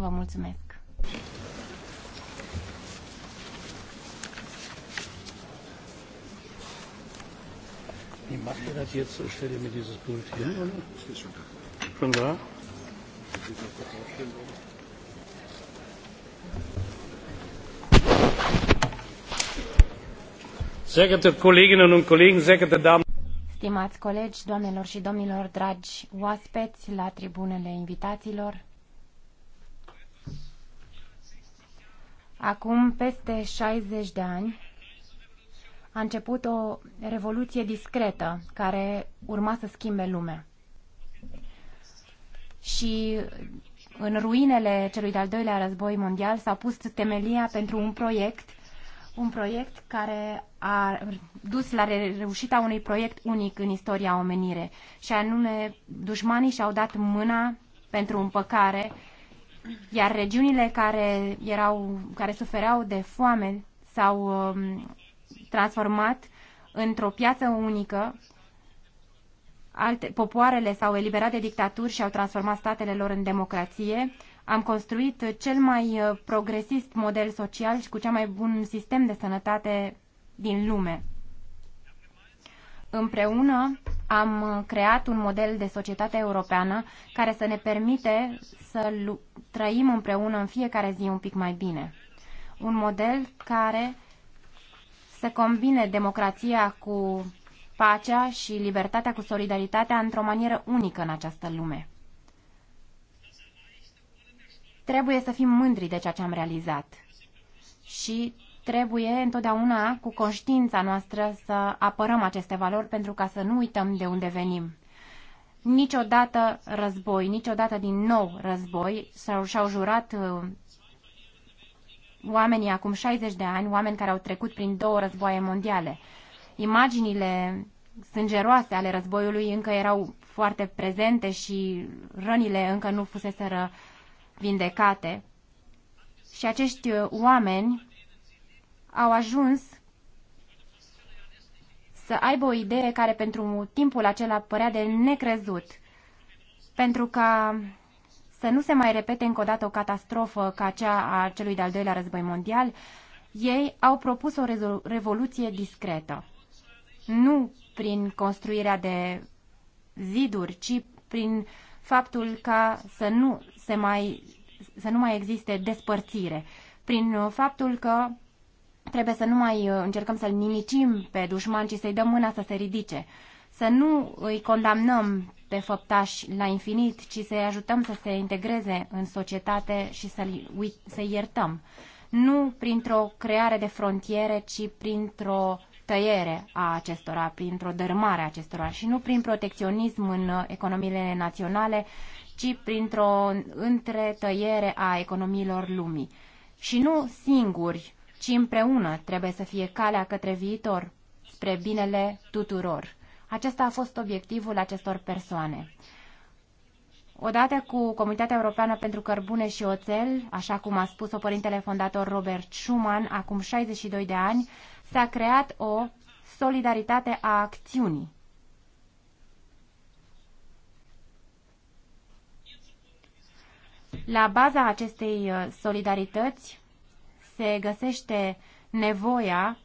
Vă mulțumesc! Wie macht ihr das jetzt? Ich stelle mir dieses Pult hier, oder? Ist schon da. Schon da? Sehr geehrte Kolleginnen und Kollegen, sehr geehrte Damen. Stimați colegi, doamnelor și domnilor, dragi oaspeți la tribunele invitaților, Acum peste 60 de ani a început o revoluție discretă care urma să schimbe lumea. Și în ruinele celui de-al doilea război mondial s-a pus temelia pentru un proiect, un proiect care a dus la reușita unui proiect unic în istoria omenire. Și anume, dușmanii și-au dat mâna pentru împăcare iar regiunile care, erau, care sufereau de foame s-au um, transformat într-o piață unică, alte, popoarele s-au eliberat de dictaturi și au transformat statele lor în democrație, am construit cel mai uh, progresist model social și cu cel mai bun sistem de sănătate din lume. Împreună am uh, creat un model de societate europeană care să ne permite să trăim împreună în fiecare zi un pic mai bine. Un model care să combine democrația cu pacea și libertatea cu solidaritatea într-o manieră unică în această lume. Trebuie să fim mândri de ceea ce am realizat și trebuie întotdeauna cu conștiința noastră să apărăm aceste valori pentru ca să nu uităm de unde venim. Niciodată război, niciodată din nou război, și-au jurat uh, oamenii acum 60 de ani, oameni care au trecut prin două războaie mondiale. Imaginile sângeroase ale războiului încă erau foarte prezente și rănile încă nu fuseseră vindecate. Și acești uh, oameni au ajuns să aibă o idee care pentru timpul acela părea de necrezut. Pentru ca să nu se mai repete încă o dată o catastrofă ca cea a celui de-al doilea război mondial, ei au propus o revoluție discretă. Nu prin construirea de ziduri, ci prin faptul ca să nu, se mai, să nu mai existe despărțire. Prin faptul că Trebuie să nu mai uh, încercăm să-l nimicim pe dușman, ci să-i dăm mâna să se ridice. Să nu îi condamnăm pe făptași la infinit, ci să-i ajutăm să se integreze în societate și să-i să iertăm. Nu printr-o creare de frontiere, ci printr-o tăiere a acestora, printr-o dărâmare a acestora și nu prin protecționism în uh, economiile naționale, ci printr-o întretăiere a economiilor lumii. Și nu singuri ci împreună trebuie să fie calea către viitor, spre binele tuturor. Acesta a fost obiectivul acestor persoane. Odată cu Comunitatea Europeană pentru Cărbune și Oțel, așa cum a spus-o părintele fondator Robert Schuman acum 62 de ani, s-a creat o solidaritate a acțiunii. La baza acestei uh, solidarități se găsește nevoia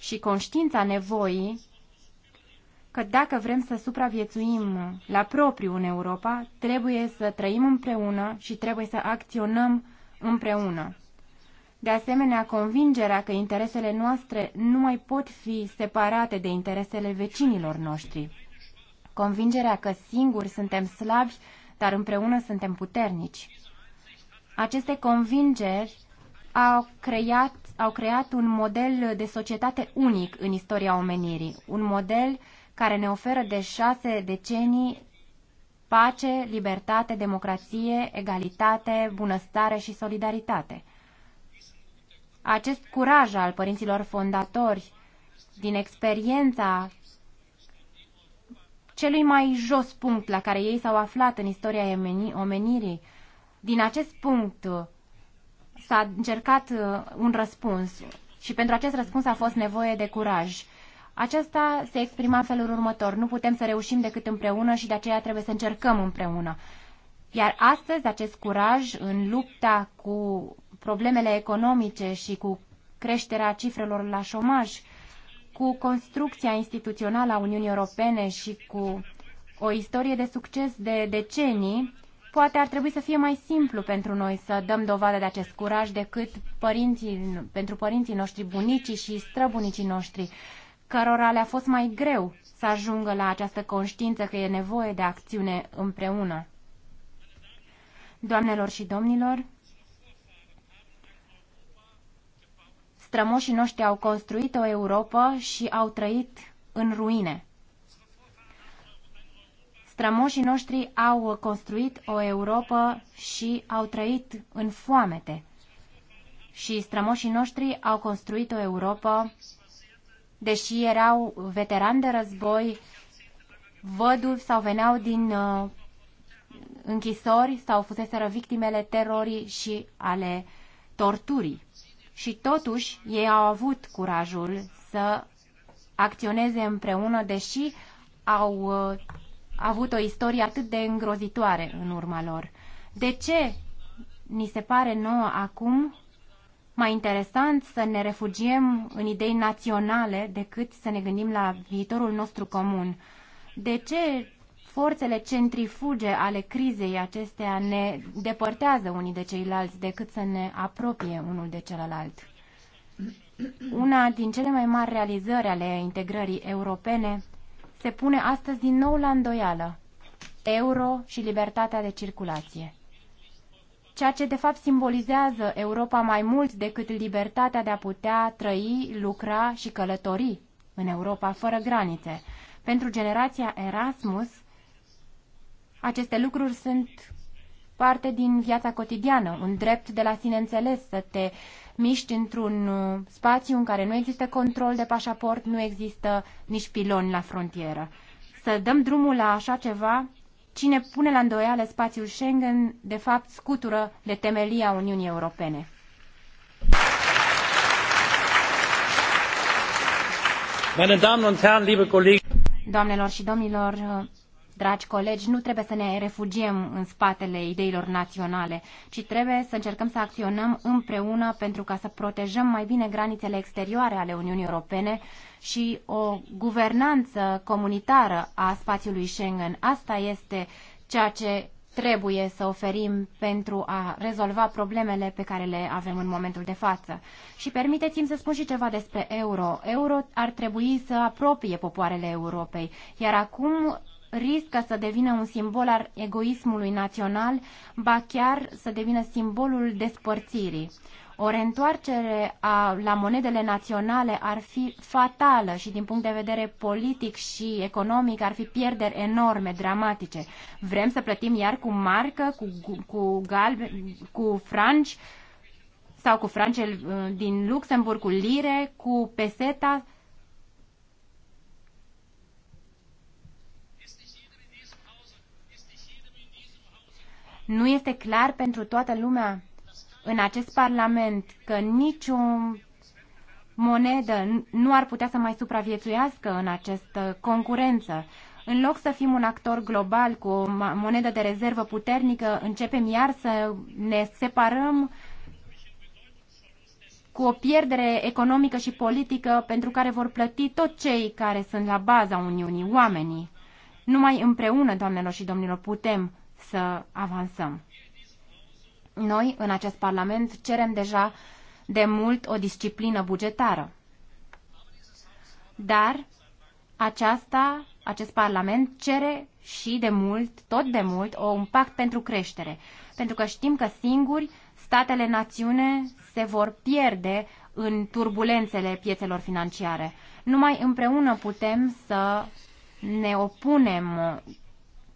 și conștiința nevoii că dacă vrem să supraviețuim la propriu în Europa, trebuie să trăim împreună și trebuie să acționăm împreună. De asemenea, convingerea că interesele noastre nu mai pot fi separate de interesele vecinilor noștri. Convingerea că singuri suntem slabi, dar împreună suntem puternici. Aceste convingeri au creat, au creat un model de societate unic în istoria omenirii, un model care ne oferă de șase decenii pace, libertate, democrație, egalitate, bunăstare și solidaritate. Acest curaj al părinților fondatori, din experiența celui mai jos punct la care ei s-au aflat în istoria omenirii, din acest punct s-a încercat uh, un răspuns și pentru acest răspuns a fost nevoie de curaj. Aceasta se exprima în felul următor. Nu putem să reușim decât împreună și de aceea trebuie să încercăm împreună. Iar astăzi acest curaj în lupta cu problemele economice și cu creșterea cifrelor la șomaj, cu construcția instituțională a Uniunii Europene și cu o istorie de succes de decenii, Poate ar trebui să fie mai simplu pentru noi să dăm dovadă de acest curaj decât părinții, pentru părinții noștri, bunicii și străbunicii noștri, cărora le-a fost mai greu să ajungă la această conștiință că e nevoie de acțiune împreună. Doamnelor și domnilor, strămoșii noștri au construit o Europa și au trăit în ruine strămoșii noștri au construit o Europa și au trăit în foamete. Și strămoșii noștri au construit o Europa, deși erau veterani de război, văduvi sau veneau din uh, închisori sau fuseseră victimele terorii și ale torturii. Și totuși ei au avut curajul să acționeze împreună, deși au uh, a avut o istorie atât de îngrozitoare în urma lor. De ce ni se pare nouă acum mai interesant să ne refugiem în idei naționale decât să ne gândim la viitorul nostru comun? De ce forțele centrifuge ale crizei acestea ne depărtează unii de ceilalți decât să ne apropie unul de celălalt? Una din cele mai mari realizări ale integrării europene se pune astăzi din nou la îndoială euro și libertatea de circulație. Ceea ce de fapt simbolizează Europa mai mult decât libertatea de a putea trăi, lucra și călători în Europa fără granițe. Pentru generația Erasmus, aceste lucruri sunt parte din viața cotidiană, un drept de la sine înțeles să te miști într-un uh, spațiu în care nu există control de pașaport, nu există nici piloni la frontieră. Să dăm drumul la așa ceva, cine pune la îndoială spațiul Schengen, de fapt scutură de temelia Uniunii Europene. Meine Damen und Herren, liebe Kollegen, Doamnelor și domnilor, uh, Dragi colegi, nu trebuie să ne refugiem în spatele ideilor naționale, ci trebuie să încercăm să acționăm împreună pentru ca să protejăm mai bine granițele exterioare ale Uniunii Europene și o guvernanță comunitară a spațiului Schengen. Asta este ceea ce trebuie să oferim pentru a rezolva problemele pe care le avem în momentul de față. Și permiteți-mi să spun și ceva despre euro. Euro ar trebui să apropie popoarele Europei, iar acum riscă să devină un simbol al egoismului național, ba chiar să devină simbolul despărțirii. O reîntoarcere a, la monedele naționale ar fi fatală și din punct de vedere politic și economic ar fi pierderi enorme, dramatice. Vrem să plătim iar cu marcă, cu, cu, galbe, cu franci sau cu francel uh, din Luxemburg, cu lire, cu peseta Nu este clar pentru toată lumea în acest Parlament că nicio monedă nu ar putea să mai supraviețuiască în această concurență. În loc să fim un actor global cu o monedă de rezervă puternică, începem iar să ne separăm cu o pierdere economică și politică pentru care vor plăti tot cei care sunt la baza Uniunii, oamenii. Numai împreună, doamnelor și domnilor, putem să avansăm. Noi, în acest Parlament, cerem deja de mult o disciplină bugetară. Dar aceasta, acest Parlament cere și de mult, tot de mult, o un pact pentru creștere. Pentru că știm că singuri statele națiune se vor pierde în turbulențele piețelor financiare. Numai împreună putem să ne opunem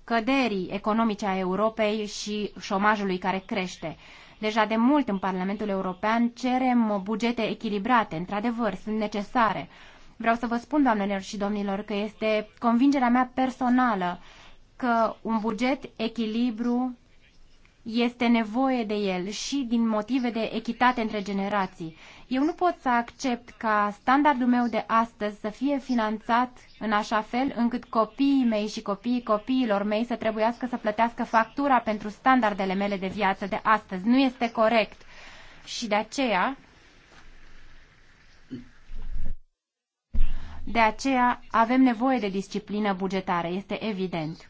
căderii economice a Europei și șomajului care crește. Deja de mult în Parlamentul European cerem bugete echilibrate, într-adevăr, sunt necesare. Vreau să vă spun, doamnelor și domnilor, că este convingerea mea personală că un buget echilibru este nevoie de el și din motive de echitate între generații. Eu nu pot să accept ca standardul meu de astăzi să fie finanțat în așa fel încât copiii mei și copiii copiilor mei să trebuiască să plătească factura pentru standardele mele de viață de astăzi. Nu este corect. Și de aceea De aceea avem nevoie de disciplină bugetară, este evident.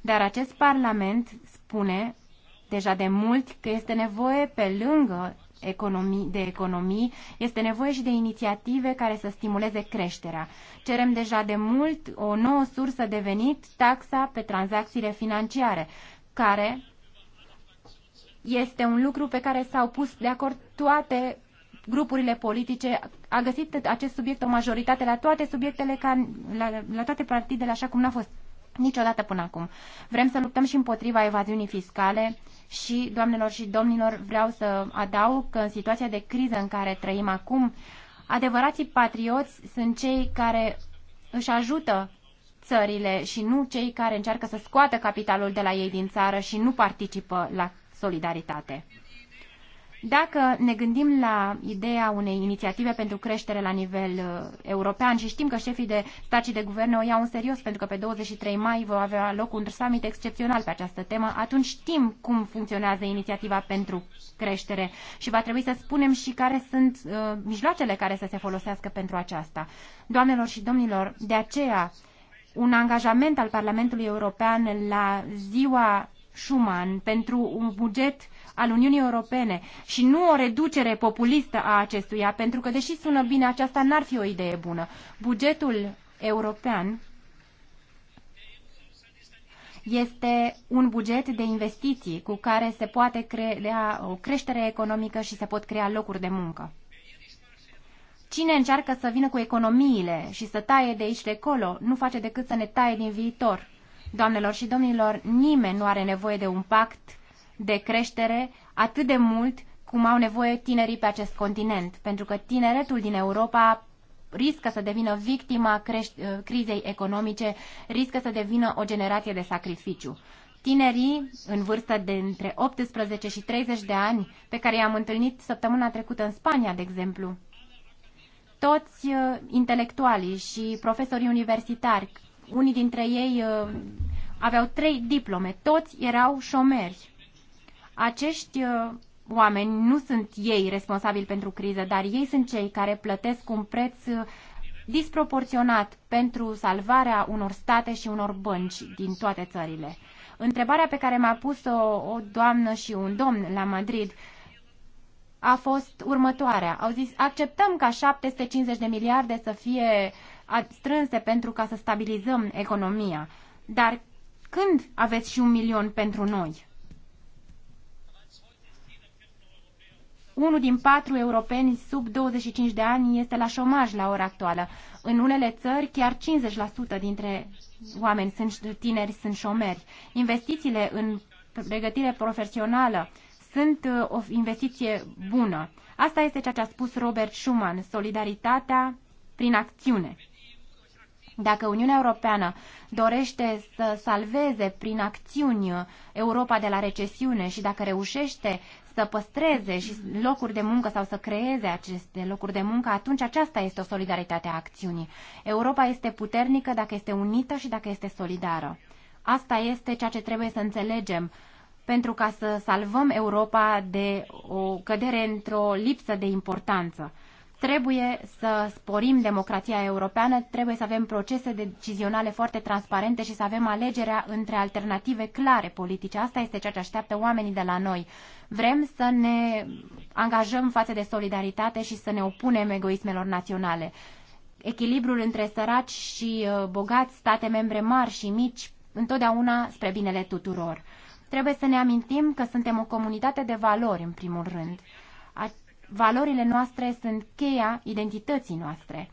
Dar acest Parlament spune deja de mult că este nevoie, pe lângă economii, de economii, este nevoie și de inițiative care să stimuleze creșterea. Cerem deja de mult o nouă sursă de venit, taxa pe tranzacțiile financiare, care este un lucru pe care s-au pus de acord toate grupurile politice. A găsit acest subiect o majoritate la toate subiectele, ca, la, la toate partidele, așa cum n-a fost niciodată până acum. Vrem să luptăm și împotriva evaziunii fiscale și, doamnelor și domnilor, vreau să adaug că în situația de criză în care trăim acum, adevărații patrioți sunt cei care își ajută țările și nu cei care încearcă să scoată capitalul de la ei din țară și nu participă la solidaritate. Dacă ne gândim la ideea unei inițiative pentru creștere la nivel uh, european și știm că șefii de stat și de guverne o iau în serios pentru că pe 23 mai va avea loc un summit excepțional pe această temă, atunci știm cum funcționează inițiativa pentru creștere și va trebui să spunem și care sunt uh, mijloacele care să se folosească pentru aceasta. Doamnelor și domnilor, de aceea un angajament al Parlamentului European la ziua Schuman pentru un buget al Uniunii Europene și nu o reducere populistă a acestuia, pentru că, deși sună bine, aceasta n-ar fi o idee bună. Bugetul european este un buget de investiții cu care se poate crea o creștere economică și se pot crea locuri de muncă. Cine încearcă să vină cu economiile și să taie de aici de acolo, nu face decât să ne taie din viitor. Doamnelor și domnilor, nimeni nu are nevoie de un pact de creștere atât de mult cum au nevoie tinerii pe acest continent, pentru că tineretul din Europa riscă să devină victima uh, crizei economice, riscă să devină o generație de sacrificiu. Tinerii în vârstă de între 18 și 30 de ani, pe care i-am întâlnit săptămâna trecută în Spania, de exemplu, toți uh, intelectualii și profesorii universitari unii dintre ei uh, aveau trei diplome, toți erau șomeri. Acești uh, oameni nu sunt ei responsabili pentru criză, dar ei sunt cei care plătesc un preț uh, disproporționat pentru salvarea unor state și unor bănci din toate țările. Întrebarea pe care mi-a pus-o o doamnă și un domn la Madrid a fost următoarea. Au zis, acceptăm ca 750 de miliarde să fie uh, strânse pentru ca să stabilizăm economia. Dar când aveți și un milion pentru noi? Unul din patru europeni sub 25 de ani este la șomaj la ora actuală. În unele țări, chiar 50% dintre oameni sunt tineri sunt șomeri. Investițiile în pregătire profesională sunt uh, o investiție bună. Asta este ceea ce a spus Robert Schuman, solidaritatea prin acțiune. Dacă Uniunea Europeană dorește să salveze prin acțiuni Europa de la recesiune și dacă reușește să păstreze și locuri de muncă sau să creeze aceste locuri de muncă, atunci aceasta este o solidaritate a acțiunii. Europa este puternică dacă este unită și dacă este solidară. Asta este ceea ce trebuie să înțelegem pentru ca să salvăm Europa de o cădere într-o lipsă de importanță. Trebuie să sporim democrația europeană, trebuie să avem procese decizionale foarte transparente și să avem alegerea între alternative clare politice. Asta este ceea ce așteaptă oamenii de la noi. Vrem să ne angajăm față de solidaritate și să ne opunem egoismelor naționale. Echilibrul între săraci și uh, bogați, state membre mari și mici, întotdeauna spre binele tuturor. Trebuie să ne amintim că suntem o comunitate de valori, în primul rând Valorile noastre sunt cheia identității noastre.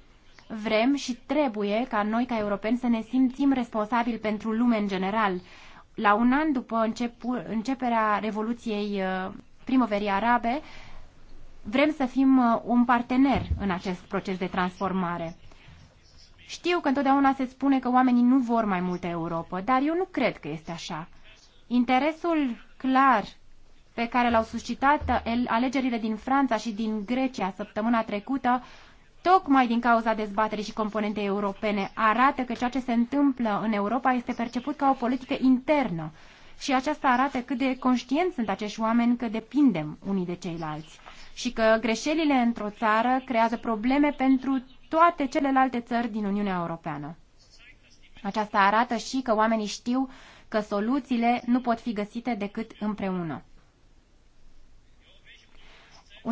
Vrem și trebuie ca noi, ca europeni, să ne simțim responsabili pentru lume în general. La un an după începu- începerea Revoluției uh, Primăverii Arabe, vrem să fim uh, un partener în acest proces de transformare. Știu că întotdeauna se spune că oamenii nu vor mai multă Europa, dar eu nu cred că este așa. Interesul clar pe care l-au suscitat alegerile din Franța și din Grecia săptămâna trecută, tocmai din cauza dezbaterii și componentei europene, arată că ceea ce se întâmplă în Europa este perceput ca o politică internă. Și aceasta arată cât de conștienți sunt acești oameni că depindem unii de ceilalți și că greșelile într-o țară creează probleme pentru toate celelalte țări din Uniunea Europeană. Aceasta arată și că oamenii știu că soluțiile nu pot fi găsite decât împreună.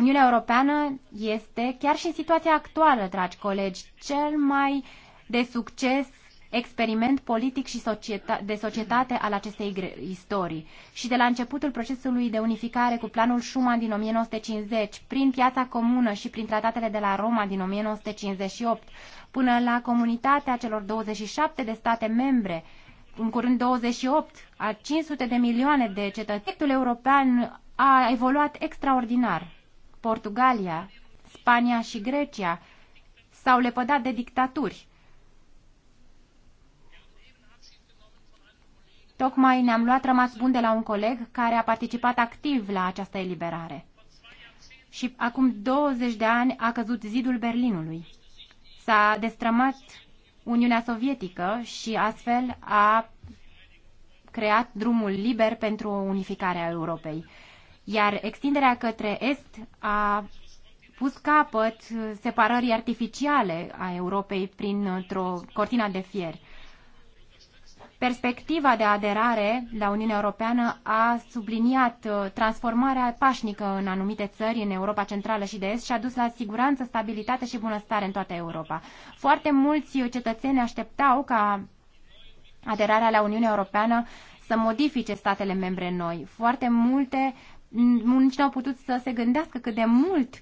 Uniunea Europeană este, chiar și în situația actuală, dragi colegi, cel mai de succes experiment politic și societate, de societate al acestei istorii. Și de la începutul procesului de unificare cu planul Schuman din 1950, prin piața comună și prin tratatele de la Roma din 1958, până la comunitatea celor 27 de state membre, în curând 28, a 500 de milioane de cetățeni, proiectul european a evoluat extraordinar. Portugalia, Spania și Grecia s-au lepădat de dictaturi. Tocmai ne-am luat rămas bun de la un coleg care a participat activ la această eliberare. Și acum 20 de ani a căzut zidul Berlinului. S-a destrămat Uniunea Sovietică și astfel a creat drumul liber pentru unificarea Europei. Iar extinderea către est a pus capăt separării artificiale a Europei printr-o cortina de fier. Perspectiva de aderare la Uniunea Europeană a subliniat uh, transformarea pașnică în anumite țări în Europa Centrală și de Est și a dus la siguranță, stabilitate și bunăstare în toată Europa. Foarte mulți cetățeni așteptau ca aderarea la Uniunea Europeană să modifice statele membre noi. Foarte multe nici nu au putut să se gândească cât de mult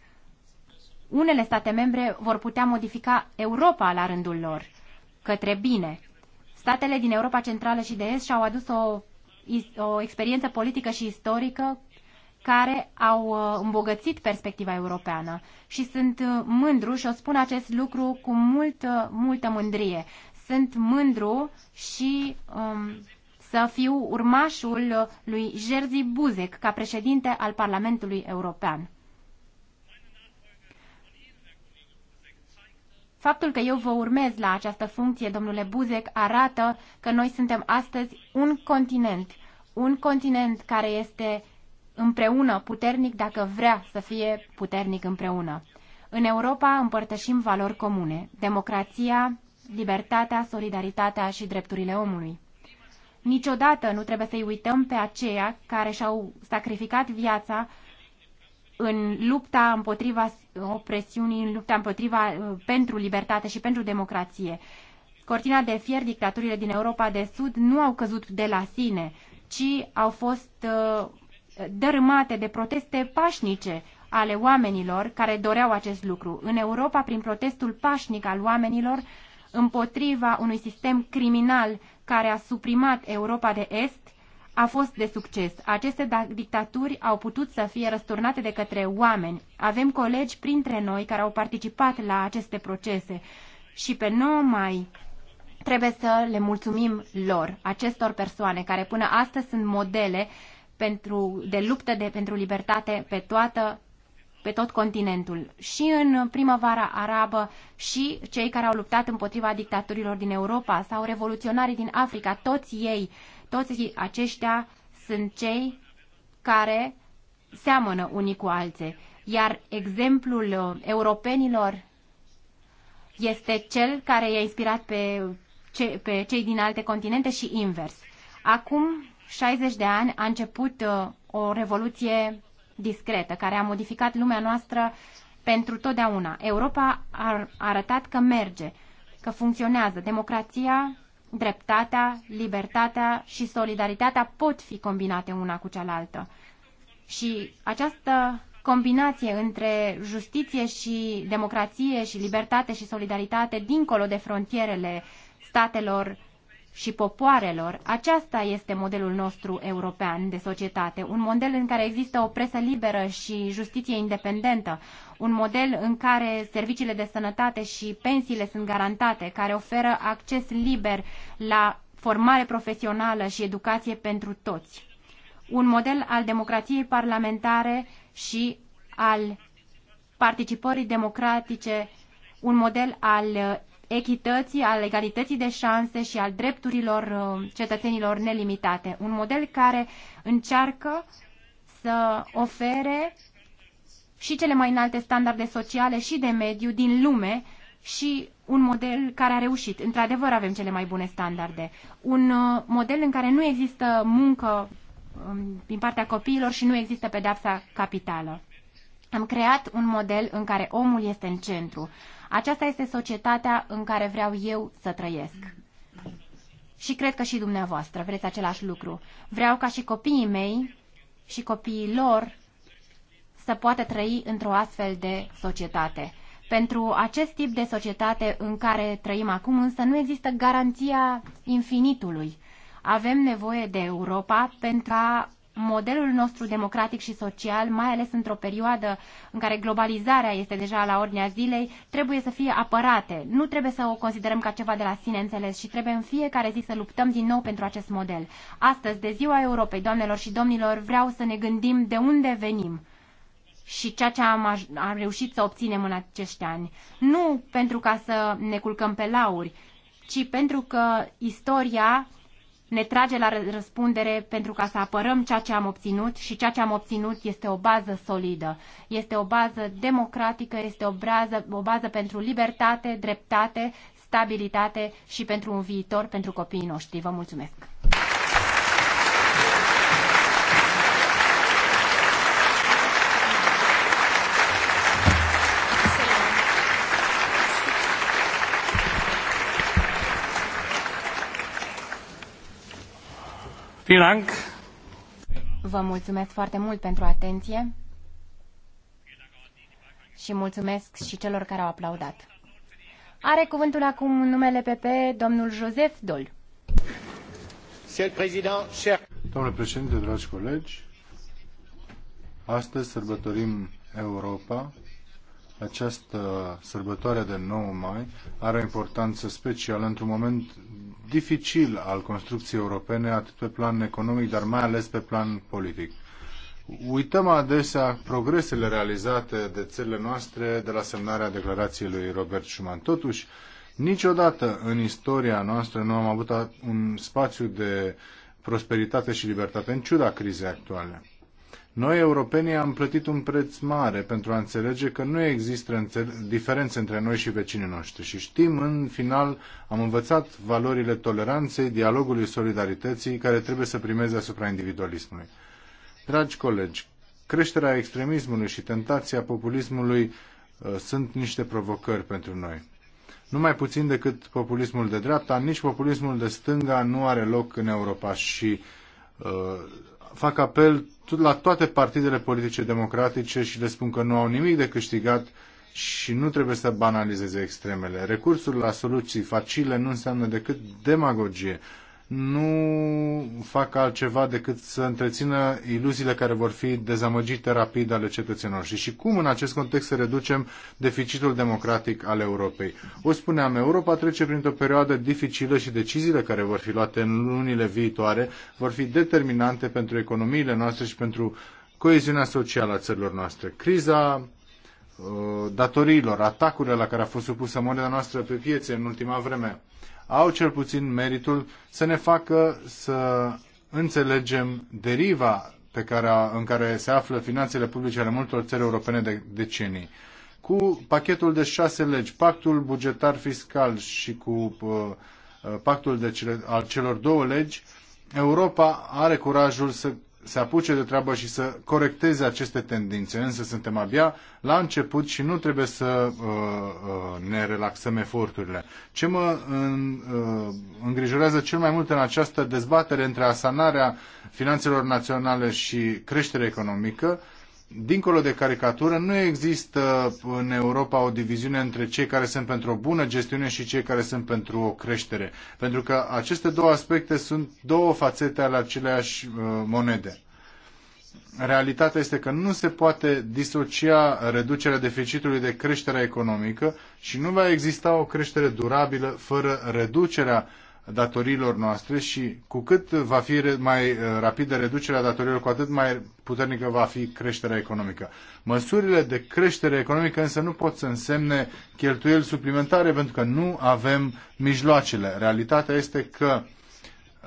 unele state membre vor putea modifica Europa la rândul lor, către bine. Statele din Europa Centrală și de Est și-au adus o, o experiență politică și istorică care au uh, îmbogățit perspectiva europeană și sunt uh, mândru și o spun acest lucru cu multă, multă mândrie. Sunt mândru și um, să fiu urmașul lui Jerzy Buzek ca președinte al Parlamentului European. Faptul că eu vă urmez la această funcție, domnule Buzek, arată că noi suntem astăzi un continent. Un continent care este împreună puternic dacă vrea să fie puternic împreună. În Europa împărtășim valori comune, democrația, libertatea, solidaritatea și drepturile omului. Niciodată nu trebuie să-i uităm pe aceia care și-au sacrificat viața în lupta împotriva opresiunii, în lupta împotriva uh, pentru libertate și pentru democrație. Cortina de fier, dictaturile din Europa de Sud nu au căzut de la sine, ci au fost uh, dărâmate de proteste pașnice ale oamenilor care doreau acest lucru. În Europa, prin protestul pașnic al oamenilor împotriva unui sistem criminal care a suprimat Europa de Est a fost de succes. Aceste da- dictaturi au putut să fie răsturnate de către oameni. Avem colegi printre noi care au participat la aceste procese și pe 9 mai trebuie să le mulțumim lor, acestor persoane care până astăzi sunt modele pentru, de luptă de, pentru libertate pe toată pe tot continentul, și în primăvara arabă, și cei care au luptat împotriva dictaturilor din Europa sau revoluționarii din Africa, toți ei, toți aceștia sunt cei care seamănă unii cu alții. Iar exemplul uh, europenilor este cel care i-a inspirat pe, ce, pe cei din alte continente și invers. Acum 60 de ani a început uh, o revoluție discretă, care a modificat lumea noastră pentru totdeauna. Europa a arătat că merge, că funcționează. Democrația, dreptatea, libertatea și solidaritatea pot fi combinate una cu cealaltă. Și această combinație între justiție și democrație și libertate și solidaritate dincolo de frontierele statelor și popoarelor, aceasta este modelul nostru european de societate, un model în care există o presă liberă și justiție independentă, un model în care serviciile de sănătate și pensiile sunt garantate, care oferă acces liber la formare profesională și educație pentru toți, un model al democrației parlamentare și al participării democratice, un model al echității, al egalității de șanse și al drepturilor uh, cetățenilor nelimitate. Un model care încearcă să ofere și cele mai înalte standarde sociale și de mediu din lume și un model care a reușit. Într-adevăr avem cele mai bune standarde. Un uh, model în care nu există muncă um, din partea copiilor și nu există pedepsa capitală. Am creat un model în care omul este în centru. Aceasta este societatea în care vreau eu să trăiesc. Și cred că și dumneavoastră vreți același lucru. Vreau ca și copiii mei și copiii lor să poată trăi într-o astfel de societate. Pentru acest tip de societate în care trăim acum însă nu există garanția infinitului. Avem nevoie de Europa pentru a modelul nostru democratic și social, mai ales într-o perioadă în care globalizarea este deja la ordinea zilei, trebuie să fie apărate. Nu trebuie să o considerăm ca ceva de la sine înțeles și trebuie în fiecare zi să luptăm din nou pentru acest model. Astăzi, de ziua Europei, doamnelor și domnilor, vreau să ne gândim de unde venim și ceea ce am, am reușit să obținem în acești ani. Nu pentru ca să ne culcăm pe lauri, ci pentru că istoria ne trage la răspundere pentru ca să apărăm ceea ce am obținut și ceea ce am obținut este o bază solidă. Este o bază democratică, este o bază, o bază pentru libertate, dreptate, stabilitate și pentru un viitor pentru copiii noștri. Vă mulțumesc! Vă mulțumesc foarte mult pentru atenție și mulțumesc și celor care au aplaudat. Are cuvântul acum numele PP, domnul Joseph Dol. Domnule președinte, dragi colegi, astăzi sărbătorim Europa. Această sărbătoare de 9 mai are o importanță specială într-un moment dificil al construcției europene, atât pe plan economic, dar mai ales pe plan politic. Uităm adesea progresele realizate de țările noastre de la semnarea declarației lui Robert Schuman. Totuși, niciodată în istoria noastră nu am avut un spațiu de prosperitate și libertate, în ciuda crizei actuale. Noi, europenii, am plătit un preț mare pentru a înțelege că nu există diferențe între noi și vecinii noștri și știm, în final, am învățat valorile toleranței, dialogului, solidarității, care trebuie să primeze asupra individualismului. Dragi colegi, creșterea extremismului și tentația populismului uh, sunt niște provocări pentru noi. Nu mai puțin decât populismul de dreapta, nici populismul de stânga nu are loc în Europa și uh, fac apel la toate partidele politice democratice și le spun că nu au nimic de câștigat și nu trebuie să banalizeze extremele. Recursul la soluții facile nu înseamnă decât demagogie nu fac altceva decât să întrețină iluziile care vor fi dezamăgite rapid ale cetățenilor. Și, și cum în acest context să reducem deficitul democratic al Europei? O spuneam, Europa trece printr-o perioadă dificilă și deciziile care vor fi luate în lunile viitoare vor fi determinante pentru economiile noastre și pentru coeziunea socială a țărilor noastre. Criza uh, datoriilor, atacurile la care a fost supusă moneda noastră pe piețe în ultima vreme, au cel puțin meritul să ne facă să înțelegem deriva pe care, în care se află finanțele publice ale multor țări europene de decenii. Cu pachetul de șase legi, pactul bugetar fiscal și cu uh, uh pactul de cele, al celor două legi, Europa are curajul să se apuce de treabă și să corecteze aceste tendințe. Însă suntem abia la început și nu trebuie să uh, uh, ne relaxăm eforturile. Ce mă în, uh, îngrijorează cel mai mult în această dezbatere între asanarea finanțelor naționale și creșterea economică dincolo de caricatură, nu există în Europa o diviziune între cei care sunt pentru o bună gestiune și cei care sunt pentru o creștere. Pentru că aceste două aspecte sunt două fațete ale aceleași uh, monede. Realitatea este că nu se poate disocia reducerea deficitului de creșterea economică și nu va exista o creștere durabilă fără reducerea datoriilor noastre și cu cât va fi mai uh, rapidă reducerea datoriilor, cu atât mai puternică va fi creșterea economică. Măsurile de creștere economică însă nu pot să însemne cheltuieli suplimentare pentru că nu avem mijloacele. Realitatea este că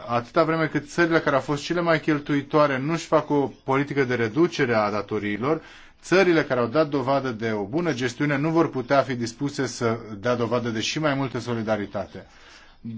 atâta vreme cât țările care au fost cele mai cheltuitoare nu-și fac o politică de reducere a datoriilor, țările care au dat dovadă de o bună gestiune nu vor putea fi dispuse să dea dovadă de și mai multă solidaritate.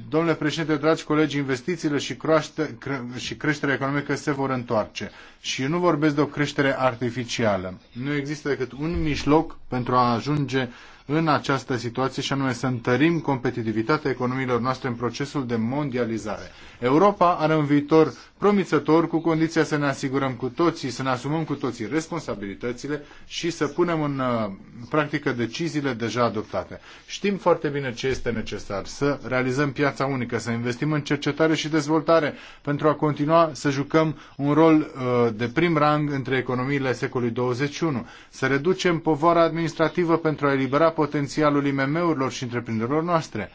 Domnule președinte, dragi colegi, investițiile și, croaște, cre, și creșterea economică se vor întoarce. Și eu nu vorbesc de o creștere artificială. Nu există decât un mijloc pentru a ajunge în această situație și anume să întărim competitivitatea economiilor noastre în procesul de mondializare. Europa are un viitor promițător cu condiția să ne asigurăm cu toții, să ne asumăm cu toții responsabilitățile și să punem în uh, practică deciziile deja adoptate. Știm foarte bine ce este necesar, să realizăm piața unică, să investim în cercetare și dezvoltare pentru a continua să jucăm un rol uh, de prim rang între economiile secolului 21, să reducem povara administrativă pentru a elibera potențialul IMM-urilor și întreprinderilor noastre.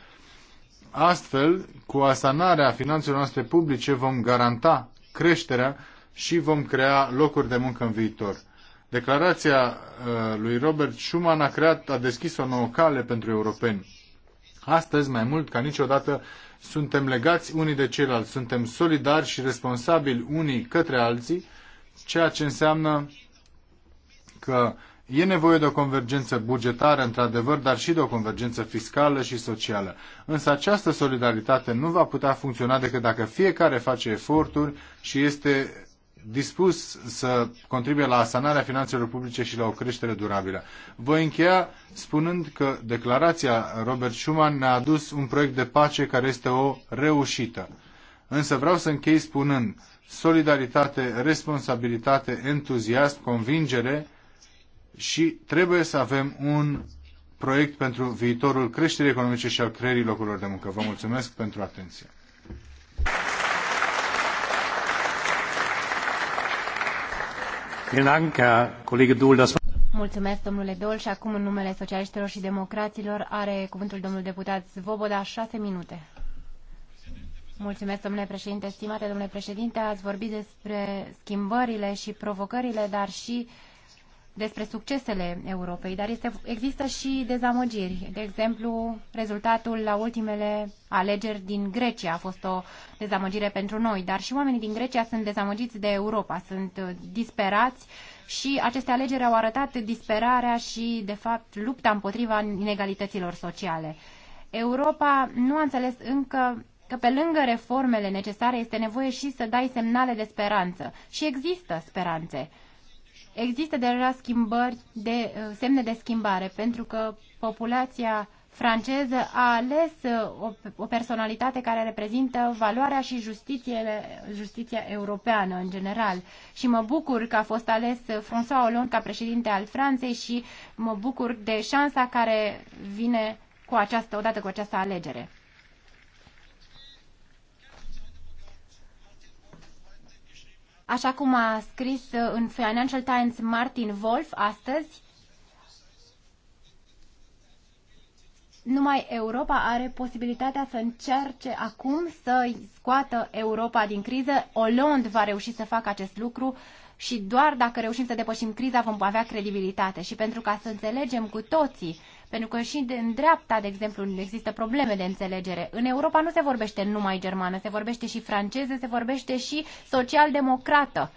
Astfel, cu asanarea finanțelor noastre publice vom garanta creșterea și vom crea locuri de muncă în viitor. Declarația uh, lui Robert Schuman a creat, a deschis o nouă cale pentru europeni. Astăzi, mai mult ca niciodată, suntem legați unii de ceilalți, suntem solidari și responsabili unii către alții, ceea ce înseamnă că E nevoie de o convergență bugetară, într-adevăr, dar și de o convergență fiscală și socială. Însă această solidaritate nu va putea funcționa decât dacă fiecare face eforturi și este dispus să contribuie la asanarea finanțelor publice și la o creștere durabilă. Voi încheia spunând că declarația Robert Schuman ne-a adus un proiect de pace care este o reușită. Însă vreau să închei spunând solidaritate, responsabilitate, entuziasm, convingere și trebuie să avem un proiect pentru viitorul creșterii economice și al creării locurilor de muncă. Vă mulțumesc pentru atenție. Mulțumesc, domnule Dol. Și acum, în numele socialiștilor și democraților, are cuvântul domnul deputat Svoboda, șase minute. Mulțumesc, domnule președinte. Stimate domnule președinte, ați vorbit despre schimbările și provocările, dar și uh, despre succesele Europei, dar este, există și dezamăgiri. De exemplu, rezultatul la ultimele alegeri din Grecia a fost o dezamăgire pentru noi, dar și oamenii din Grecia sunt dezamăgiți de Europa, sunt uh, disperați și aceste alegeri au arătat disperarea și, de fapt, lupta împotriva inegalităților sociale. Europa nu a înțeles încă că pe lângă reformele necesare este nevoie și să dai semnale de speranță. Și există speranțe. Există deja schimbări de, uh, semne de schimbare, pentru că populația franceză a ales uh, o, o personalitate care reprezintă valoarea și justiția europeană în general. Și mă bucur că a fost ales François Hollande ca președinte al Franței și mă bucur de șansa care vine cu această, odată cu această alegere. Așa cum a scris uh, în Financial Times Martin Wolf astăzi, numai Europa are posibilitatea să încerce acum să scoată Europa din criză. Oland va reuși să facă acest lucru și doar dacă reușim să depășim criza vom avea credibilitate. Și pentru ca să înțelegem cu toții pentru că și de, în dreapta, de exemplu, există probleme de înțelegere. În Europa nu se vorbește numai germană, se vorbește și franceză, se vorbește și social-democrată.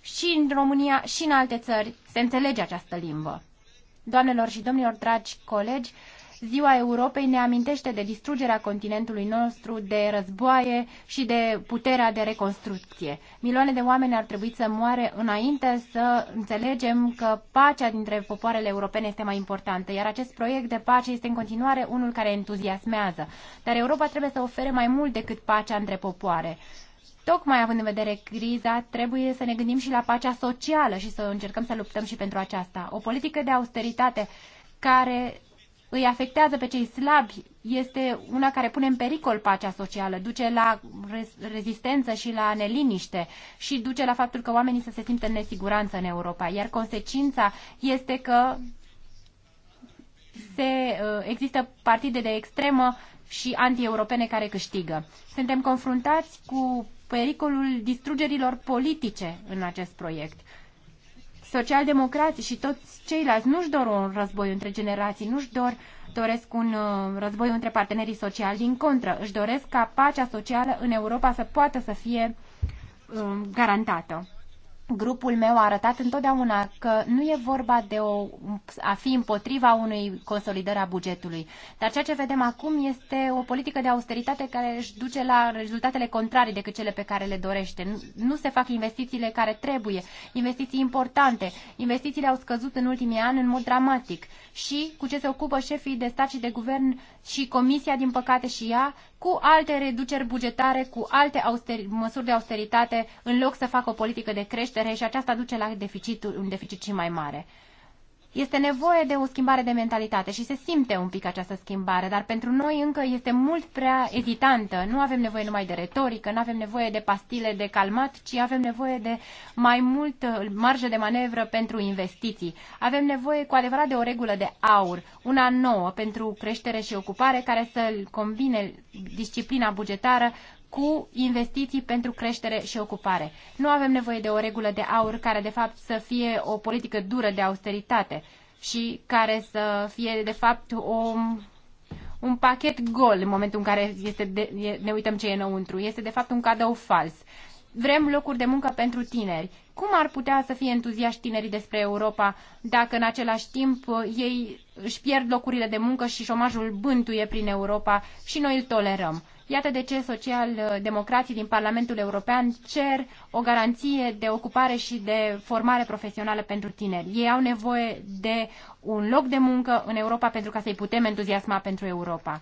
Și în România și în alte țări se înțelege această limbă. Doamnelor și domnilor, dragi colegi, Ziua Europei ne amintește de distrugerea continentului nostru, de războaie și de puterea de reconstrucție. Milioane de oameni ar trebui să moare înainte să înțelegem că pacea dintre popoarele europene este mai importantă, iar acest proiect de pace este în continuare unul care entuziasmează. Dar Europa trebuie să ofere mai mult decât pacea între popoare. Tocmai având în vedere criza, trebuie să ne gândim și la pacea socială și să încercăm să luptăm și pentru aceasta. O politică de austeritate care îi afectează pe cei slabi este una care pune în pericol pacea socială, duce la rezistență și la neliniște și duce la faptul că oamenii să se simtă în nesiguranță în Europa. Iar consecința este că se, uh, există partide de extremă și antieuropene care câștigă. Suntem confruntați cu pericolul distrugerilor politice în acest proiect socialdemocrații și toți ceilalți nu-și dor un război între generații, nu-și dor, doresc un uh, război între partenerii sociali, din contră, își doresc ca pacea socială în Europa să poată să fie uh, garantată grupul meu a arătat întotdeauna că nu e vorba de o, a fi împotriva unei consolidări a bugetului. Dar ceea ce vedem acum este o politică de austeritate care își duce la rezultatele contrare decât cele pe care le dorește. Nu, nu se fac investițiile care trebuie, investiții importante. Investițiile au scăzut în ultimii ani în mod dramatic. Și cu ce se ocupă șefii de stat și de guvern și comisia, din păcate și ea, cu alte reduceri bugetare, cu alte măsuri de austeritate, în loc să facă o politică de creștere și aceasta duce la deficit, un deficit și mai mare. Este nevoie de o schimbare de mentalitate și se simte un pic această schimbare, dar pentru noi încă este mult prea ezitantă. Nu avem nevoie numai de retorică, nu avem nevoie de pastile de calmat, ci avem nevoie de mai mult uh, marjă de manevră pentru investiții. Avem nevoie cu adevărat de o regulă de aur, una nouă pentru creștere și ocupare care să combine disciplina bugetară cu investiții pentru creștere și ocupare. Nu avem nevoie de o regulă de aur care de fapt să fie o politică dură de austeritate și care să fie de fapt o un pachet gol în momentul în care este de, ne uităm ce e înăuntru. Este de fapt un cadou fals. Vrem locuri de muncă pentru tineri. Cum ar putea să fie entuziaști tinerii despre Europa dacă în același timp ei își pierd locurile de muncă și șomajul bântuie prin Europa și noi îl tolerăm? Iată de ce social-democrații din Parlamentul European cer o garanție de ocupare și de formare profesională pentru tineri. Ei au nevoie de un loc de muncă în Europa pentru ca să-i putem entuziasma pentru Europa.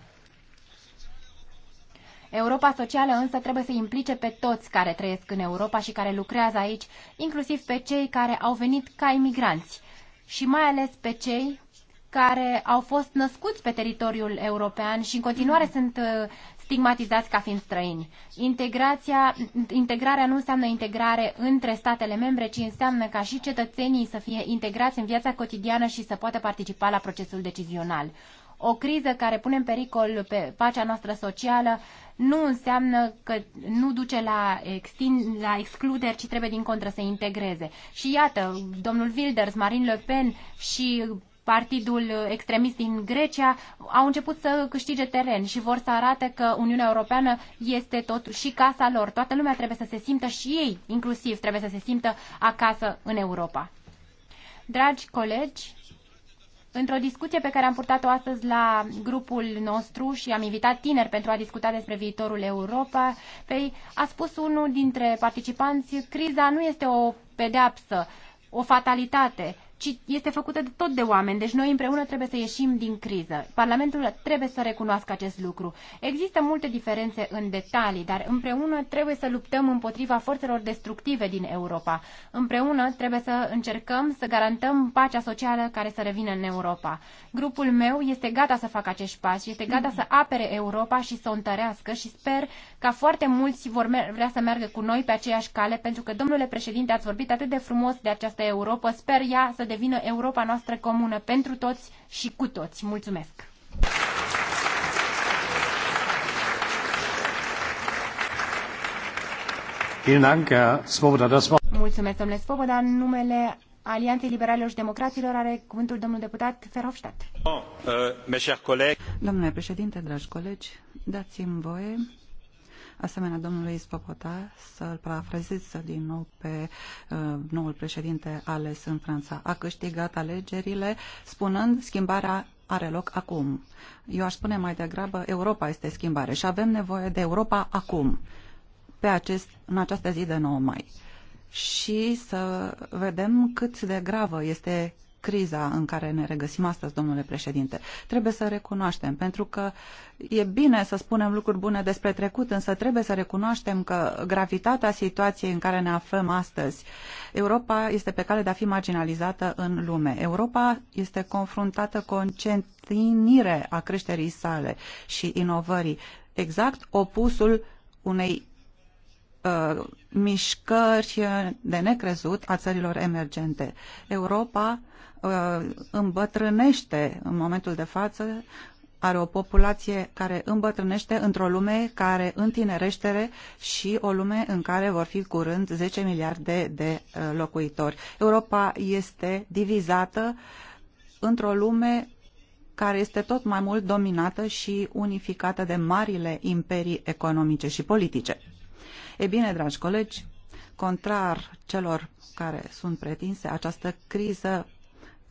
Europa socială însă trebuie să implice pe toți care trăiesc în Europa și care lucrează aici, inclusiv pe cei care au venit ca imigranți și mai ales pe cei care au fost născuți pe teritoriul european și în continuare sunt stigmatizați ca fiind străini. Integrația, integrarea nu înseamnă integrare între statele membre, ci înseamnă ca și cetățenii să fie integrați în viața cotidiană și să poată participa la procesul decizional. O criză care pune în pericol pe pacea noastră socială nu înseamnă că nu duce la, extin, la excluderi, ci trebuie din contră să integreze. Și iată, domnul Wilders, Marine Le Pen și partidul extremist din Grecia au început să câștige teren și vor să arate că Uniunea Europeană este tot și casa lor. Toată lumea trebuie să se simtă și ei, inclusiv, trebuie să se simtă acasă în Europa. Dragi colegi, într-o discuție pe care am purtat-o astăzi la grupul nostru și am invitat tineri pentru a discuta despre viitorul Europa, pe a spus unul dintre participanți, criza nu este o pedeapsă, o fatalitate, ci este făcută de tot de oameni. Deci noi împreună trebuie să ieșim din criză. Parlamentul trebuie să recunoască acest lucru. Există multe diferențe în detalii, dar împreună trebuie să luptăm împotriva forțelor destructive din Europa. Împreună trebuie să încercăm să garantăm pacea socială care să revină în Europa. Grupul meu este gata să facă acești pași, este gata să apere Europa și să o întărească și sper ca foarte mulți vor vrea să meargă cu noi pe aceeași cale, pentru că, domnule președinte, ați vorbit atât de frumos de această Europa. Sper ea să devină Europa noastră comună pentru toți și cu toți. Mulțumesc! Mulțumesc, domnule Svoboda. În numele Alianței Liberalilor și Democraților are cuvântul domnul deputat Ferhofstadt. Euh, domnule președinte, dragi colegi, dați-mi voie asemenea domnului Spopota să-l parafrazez din nou pe uh, noul președinte ales în Franța. A câștigat alegerile spunând schimbarea are loc acum. Eu aș spune mai degrabă Europa este schimbare și avem nevoie de Europa acum, pe acest, în această zi de 9 mai. Și să vedem cât de gravă este criza în care ne regăsim astăzi, domnule președinte. Trebuie să recunoaștem, pentru că e bine să spunem lucruri bune despre trecut, însă trebuie să recunoaștem că gravitatea situației în care ne aflăm astăzi, Europa este pe cale de a fi marginalizată în lume. Europa este confruntată cu o încetinire a creșterii sale și inovării, exact opusul unei Uh, mișcări de necrezut a țărilor emergente. Europa uh, îmbătrânește în momentul de față, are o populație care îmbătrânește într-o lume care întinerește și o lume în care vor fi curând 10 miliarde de uh, locuitori. Europa este divizată într-o lume care este tot mai mult dominată și unificată de marile imperii economice și politice. E bine, dragi colegi, contrar celor care sunt pretinse, această criză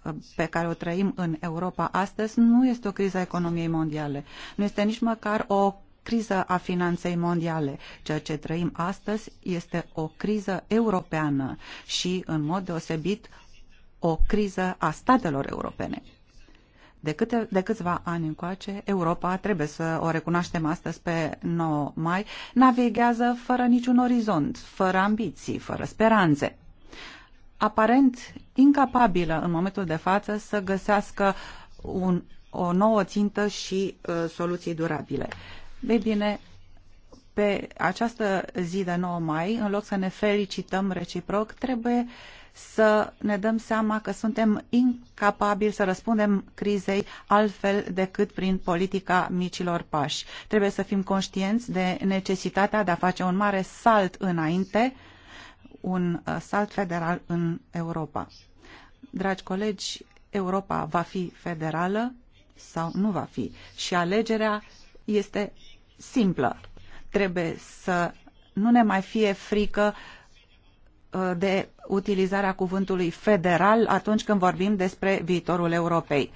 uh, pe care o trăim în Europa astăzi nu este o criză a economiei mondiale. Nu este nici măcar o criză a finanței mondiale. Ceea ce trăim astăzi este o criză europeană și, în mod deosebit, o criză a statelor europene. De, câte, de câțiva ani încoace, Europa, trebuie să o recunoaștem astăzi pe 9 mai, navighează fără niciun orizont, fără ambiții, fără speranțe. Aparent incapabilă în momentul de față să găsească un, o nouă țintă și uh, soluții durabile. Ei bine, pe această zi de 9 mai, în loc să ne felicităm reciproc, trebuie uh, să ne dăm seama că suntem incapabili să răspundem crizei altfel decât prin politica micilor pași. Trebuie să fim conștienți de necesitatea de a face un mare salt înainte, un uh, salt federal în Europa. Dragi colegi, Europa va fi federală sau nu va fi. Și alegerea este simplă. Trebuie să nu ne mai fie frică uh, Uh, de utilizarea cuvântului federal atunci când vorbim despre viitorul Europei.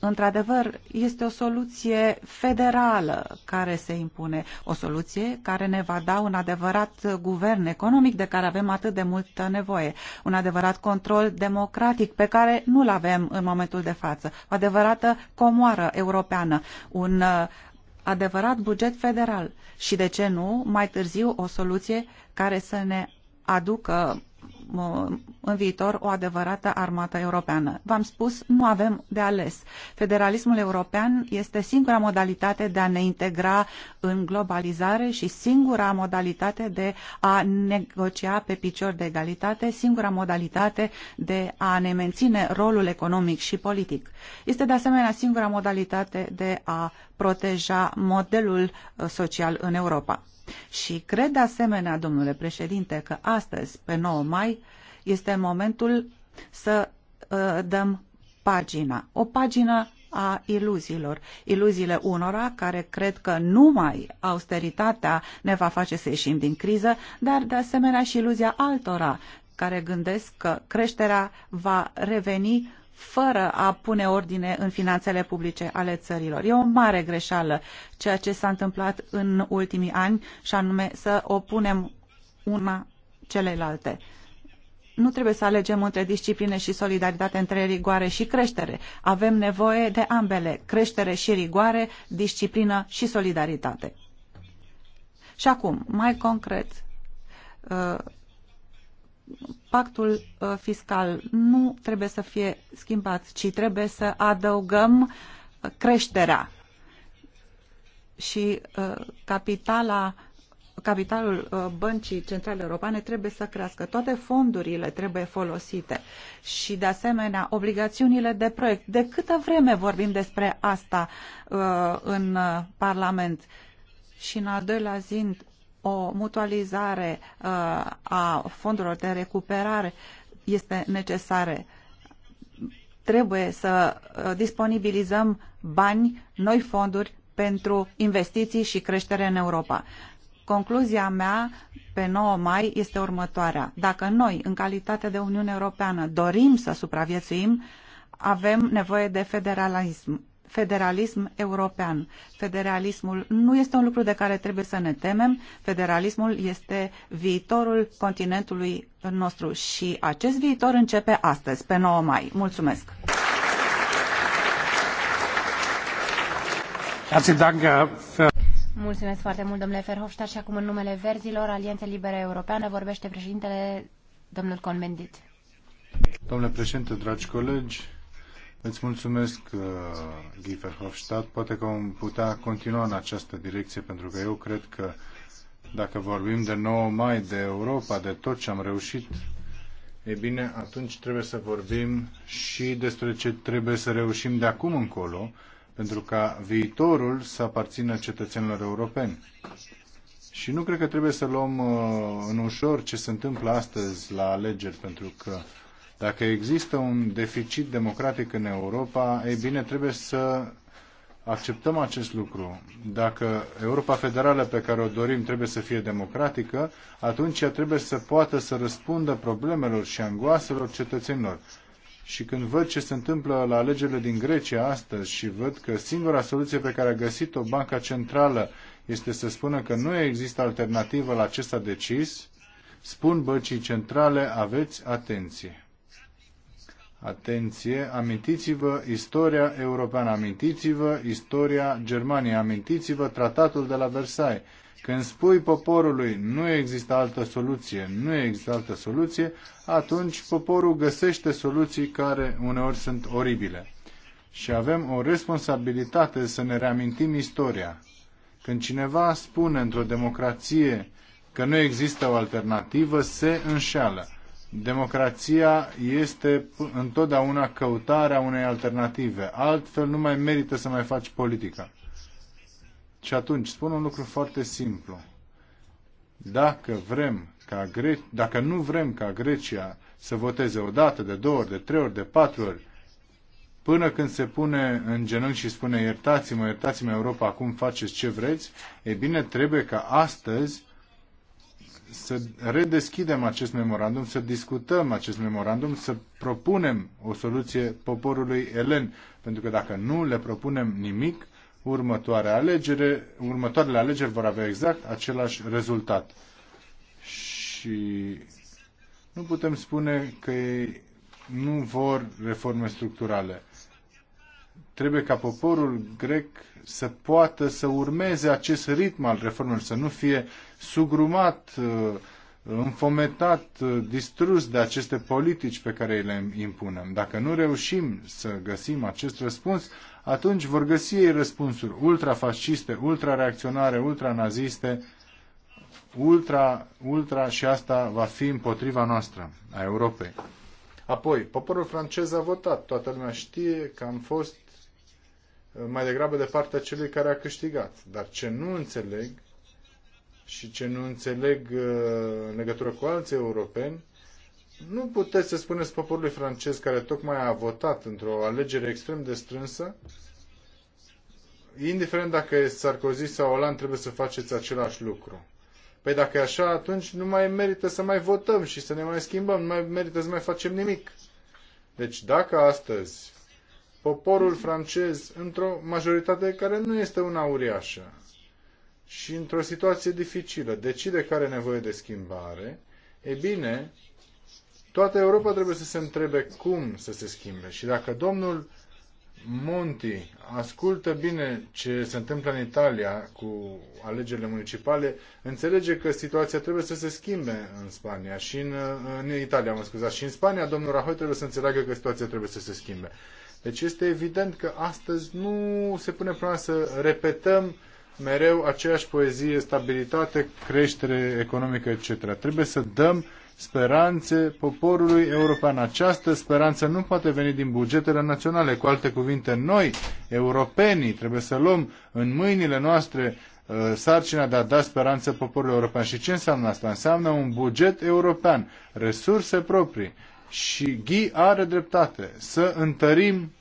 Într-adevăr, este o soluție federală care se impune, o soluție care ne va da un adevărat guvern economic de care avem atât de multă nevoie, un adevărat control democratic pe care nu-l avem în momentul de față, o adevărată comoară europeană, un uh, adevărat buget federal și, de ce nu, mai târziu o soluție care să ne aducă în viitor o adevărată armată europeană. V-am spus, nu avem de ales. Federalismul european este singura modalitate de a ne integra în globalizare și singura modalitate de a negocia pe picior de egalitate, singura modalitate de a ne menține rolul economic și politic. Este de asemenea singura modalitate de a proteja modelul uh, social în Europa. Și cred de asemenea, domnule președinte, că astăzi, pe 9 mai, este momentul să uh, dăm pagina. O pagină a iluziilor. Iluziile unora care cred că numai austeritatea ne va face să ieșim din criză, dar de asemenea și iluzia altora care gândesc că creșterea va reveni fără a pune ordine în finanțele publice ale țărilor. E o mare greșeală ceea ce s-a întâmplat în ultimii ani și anume să opunem una celelalte. Nu trebuie să alegem între discipline și solidaritate, între rigoare și creștere. Avem nevoie de ambele, creștere și rigoare, disciplină și solidaritate. Și acum, mai concret, uh, pactul uh, fiscal nu trebuie să fie schimbat, ci trebuie să adăugăm uh, creșterea. Și uh, capitala capitalul Băncii Centrale Europene trebuie să crească. Toate fondurile trebuie folosite și, de asemenea, obligațiunile de proiect. De câtă vreme vorbim despre asta în Parlament? Și, în al doilea zi, o mutualizare uh, a fondurilor de recuperare este necesară. Trebuie să uh, disponibilizăm bani, noi fonduri pentru investiții și creștere în Europa. Concluzia mea pe 9 mai este următoarea. Dacă noi, în calitate de Uniune Europeană, dorim să supraviețuim, avem nevoie de federalism federalism european. Federalismul nu este un lucru de care trebuie să ne temem. Federalismul este viitorul continentului nostru și acest viitor începe astăzi, pe 9 mai. Mulțumesc! Mulțumesc foarte mult, domnule Ferhofstadt, Și acum, în numele Verzilor, Alianța Liberă Europeană, vorbește președintele, domnul Convendit. Domnule președinte, dragi colegi, Îți mulțumesc, uh, Guy Verhofstadt. Poate că vom putea continua în această direcție, pentru că eu cred că dacă vorbim de 9 mai, de Europa, de tot ce am reușit, e bine, atunci trebuie să vorbim și despre ce trebuie să reușim de acum încolo, pentru ca viitorul să aparțină cetățenilor europeni. Și nu cred că trebuie să luăm uh, în ușor ce se întâmplă astăzi la alegeri, pentru că dacă există un deficit democratic în Europa, ei bine, trebuie să acceptăm acest lucru. Dacă Europa Federală pe care o dorim trebuie să fie democratică, atunci ea trebuie să poată să răspundă problemelor și angoaselor cetățenilor. Și când văd ce se întâmplă la alegerile din Grecia astăzi și văd că singura soluție pe care a găsit-o Banca Centrală este să spună că nu există alternativă la ce s-a decis, spun băncii centrale, aveți atenție. Atenție, amintiți-vă istoria europeană, amintiți-vă istoria Germaniei, amintiți-vă tratatul de la Versailles. Când spui poporului nu există altă soluție, nu există altă soluție, atunci poporul găsește soluții care uneori sunt oribile. Și avem o responsabilitate să ne reamintim istoria. Când cineva spune într-o democrație că nu există o alternativă, se înșeală. Democrația este întotdeauna căutarea unei alternative. Altfel nu mai merită să mai faci politică. Și atunci, spun un lucru foarte simplu. Dacă vrem ca Gre- dacă nu vrem ca Grecia să voteze o dată, de două ori, de trei ori, de patru ori, până când se pune în genunchi și spune iertați-mă, iertați-mă Europa, acum faceți ce vreți, e bine, trebuie ca astăzi să redeschidem acest memorandum, să discutăm acest memorandum, să propunem o soluție poporului elen. Pentru că dacă nu le propunem nimic, următoarea alegere, următoarele alegeri vor avea exact același rezultat. Și nu putem spune că ei nu vor reforme structurale. Trebuie ca poporul grec să poată să urmeze acest ritm al reformelor, să nu fie sugrumat, uh, înfometat, uh, distrus de aceste politici pe care le impunem. Dacă nu reușim să găsim acest răspuns, atunci vor găsi ei răspunsuri ultrafasciste, ultrareacționare, ultranaziste, ultra, ultra și asta va fi împotriva noastră, a Europei. Apoi, poporul francez a votat, toată lumea știe că am fost mai degrabă de partea celui care a câștigat. Dar ce nu înțeleg și ce nu înțeleg uh, în legătură cu alții europeni, nu puteți să spuneți poporului francez care tocmai a votat într-o alegere extrem de strânsă, indiferent dacă e Sarkozy sau Hollande, trebuie să faceți același lucru. Păi dacă e așa, atunci nu mai merită să mai votăm și să ne mai schimbăm, nu mai merită să mai facem nimic. Deci dacă astăzi poporul francez într-o majoritate care nu este una uriașă și într-o situație dificilă, decide care are nevoie de schimbare, e bine, toată Europa trebuie să se întrebe cum să se schimbe. Și dacă domnul Monti ascultă bine ce se întâmplă în Italia cu alegerile municipale, înțelege că situația trebuie să se schimbe în Spania și în, în Italia, mă scuzați, și în Spania domnul Rahoi trebuie să înțeleagă că situația trebuie să se schimbe. Deci este evident că astăzi nu se pune problema să repetăm mereu aceeași poezie, stabilitate, creștere economică, etc. Trebuie să dăm speranțe poporului european. Această speranță nu poate veni din bugetele naționale. Cu alte cuvinte, noi, europenii, trebuie să luăm în mâinile noastre uh, sarcina de a da speranță poporului european. Și ce înseamnă asta? Înseamnă un buget european, resurse proprii. Și Ghi are dreptate să întărim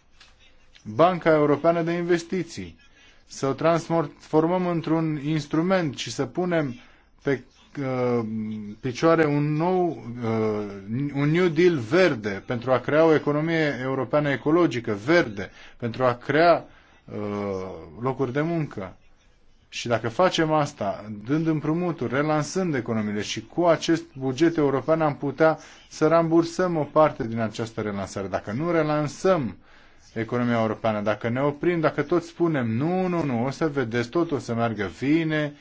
Banca Europeană de Investiții, să o transformăm într-un instrument și să punem pe uh, picioare un nou, uh, un New Deal verde pentru a crea o economie europeană ecologică, verde, pentru a crea uh, locuri de muncă. Și dacă facem asta, dând împrumuturi, relansând economiile și cu acest buget european am putea să rambursăm o parte din această relansare. Dacă nu relansăm economia europeană, dacă ne oprim, dacă tot spunem nu, nu, nu, o să vedeți, tot o să meargă bine,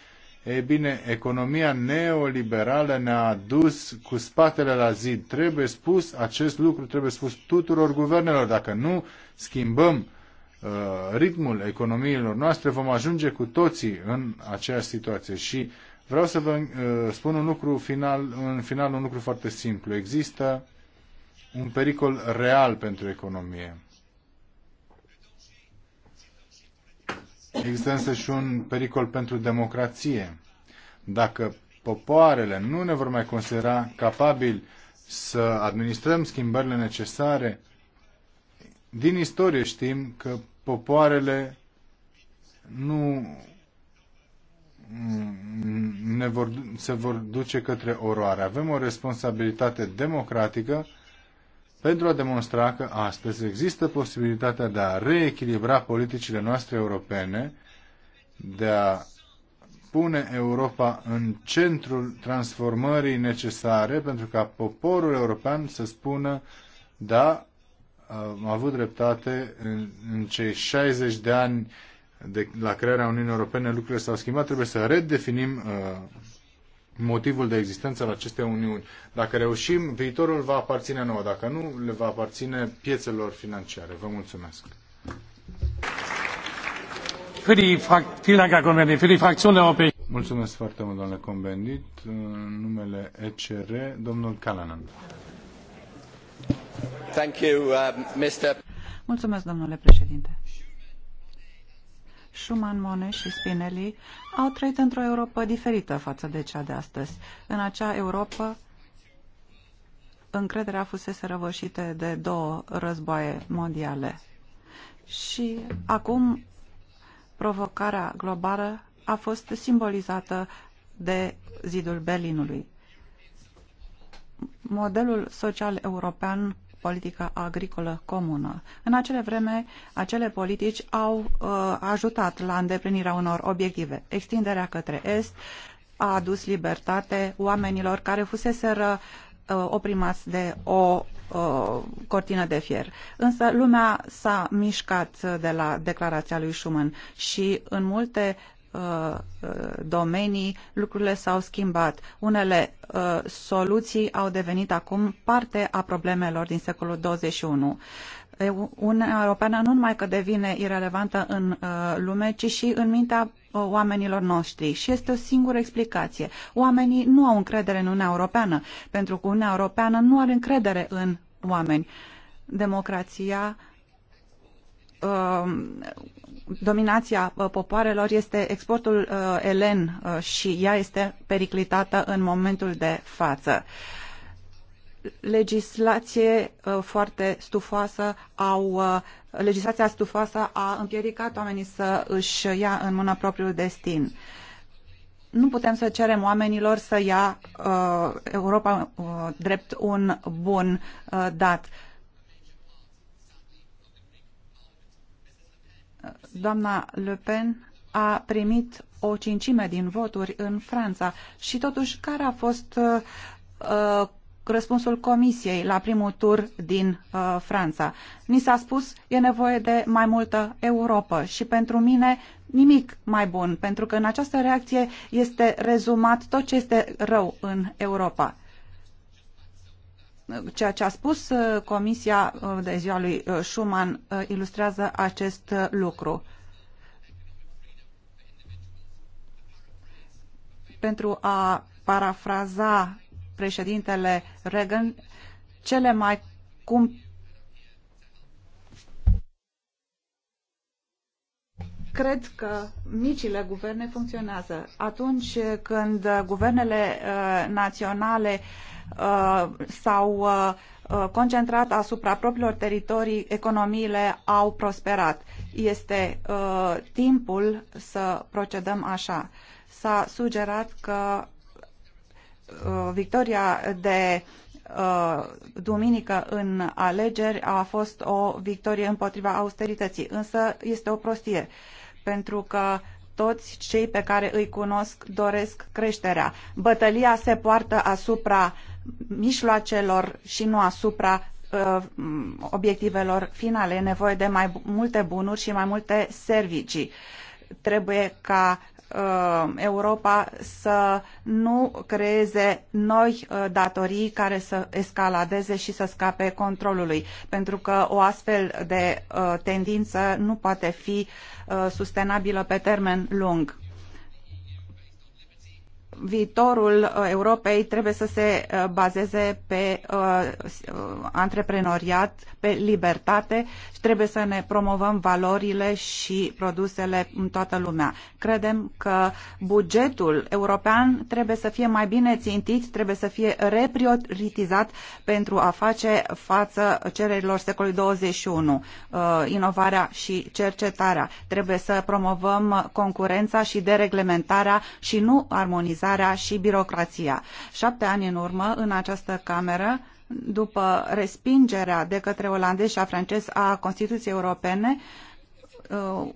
ei bine, economia neoliberală ne-a dus cu spatele la zid. Trebuie spus acest lucru, trebuie spus tuturor guvernelor. Dacă nu schimbăm Uh, ritmul economiilor noastre, vom ajunge cu toții în aceeași situație. Și vreau să vă uh, spun un lucru final, în final un lucru foarte simplu. Există un pericol real pentru economie. Există însă și un pericol pentru democrație. Dacă popoarele nu ne vor mai considera capabili să administrăm schimbările necesare, din istorie știm că popoarele nu ne vor, se vor duce către oroare. Avem o responsabilitate democratică pentru a demonstra că astăzi există posibilitatea de a reechilibra politicile noastre europene, de a pune Europa în centrul transformării necesare pentru ca poporul european să spună da, am avut dreptate în, în cei 60 de ani de la crearea Uniunii Europene lucrurile s-au schimbat, trebuie să redefinim uh, motivul de existență al acestei uniuni. Dacă reușim, viitorul va aparține nouă, dacă nu, le va aparține piețelor financiare. Vă mulțumesc. Mulțumesc foarte mult, domnule Convendit. Numele ECR, domnul Calanan. Schuman, uh, Mulțumesc, domnule președinte. Monet și Spinelli au trăit într-o Europa diferită față de cea de astăzi. În acea Europa, încrederea fusese răvășită de două războaie mondiale. Și acum provocarea globală a fost simbolizată de zidul Berlinului modelul social european politica agricolă comună. În acele vreme, acele politici au uh, ajutat la îndeplinirea unor obiective. Extinderea către Est a adus libertate oamenilor care fuseseră uh, oprimați de o uh, cortină de fier. Însă lumea s-a mișcat de la declarația lui Schumann și în multe Uh, uh, domenii lucrurile s-au schimbat. Unele uh, soluții au devenit acum parte a problemelor din secolul 21. Uniunea Europeană nu numai că devine irelevantă în uh, lume, ci și în mintea uh, oamenilor noștri. Și este o singură explicație. Oamenii nu au încredere în Uniunea Europeană, pentru că Uniunea Europeană nu are încredere în oameni. Democrația uh, Um, dominația uh, popoarelor este exportul uh, elen uh, și ea este periclitată în momentul de față. Legislație foarte stufoasă au, legislația stufoasă a împiedicat oamenii să își ia în mână propriul destin. Nu putem să cerem oamenilor să ia Europa drept un bun dat doamna Le Pen a primit o cincime din voturi în Franța și totuși care a fost uh, uh, răspunsul Comisiei la primul tur din uh, Franța. Ni s-a spus e nevoie de mai multă Europa și pentru mine nimic mai bun, pentru că în această reacție este rezumat tot ce este rău în Europa ceea ce a spus uh, Comisia uh, de ziua lui uh, Schuman ilustrează acest lucru. Pentru a parafraza președintele Reagan, cele mai cum cred că micile guverne funcționează. Atunci când guvernele naționale uh, Uh, s-au uh, uh, concentrat asupra propriilor teritorii, economiile au prosperat. Este timpul să procedăm așa. S-a sugerat că victoria de duminică în alegeri a fost o victorie împotriva austerității, însă este o prostie, pentru că toți cei pe care îi cunosc doresc creșterea. Bătălia se poartă asupra mijloacelor și nu asupra uh, obiectivelor finale. E nevoie de mai multe bunuri și mai multe servicii. Trebuie ca uh, Europa să nu creeze noi uh, datorii care să escaladeze și să scape controlului, pentru că o astfel de uh, tendință nu poate fi uh, sustenabilă pe termen lung viitorul uh, Europei trebuie să se uh, bazeze pe uh, antreprenoriat, pe libertate și trebuie să ne promovăm valorile și produsele în toată lumea. Credem că bugetul european trebuie să fie mai bine țintit, trebuie să fie reprioritizat pentru a face față cererilor secolului 21, inovarea și cercetarea. Trebuie să promovăm concurența și dereglementarea și nu armonizarea reglementarea și birocrația. Șapte ani în urmă, în această cameră, după respingerea de către olandez și a francez a Constituției Europene, uh,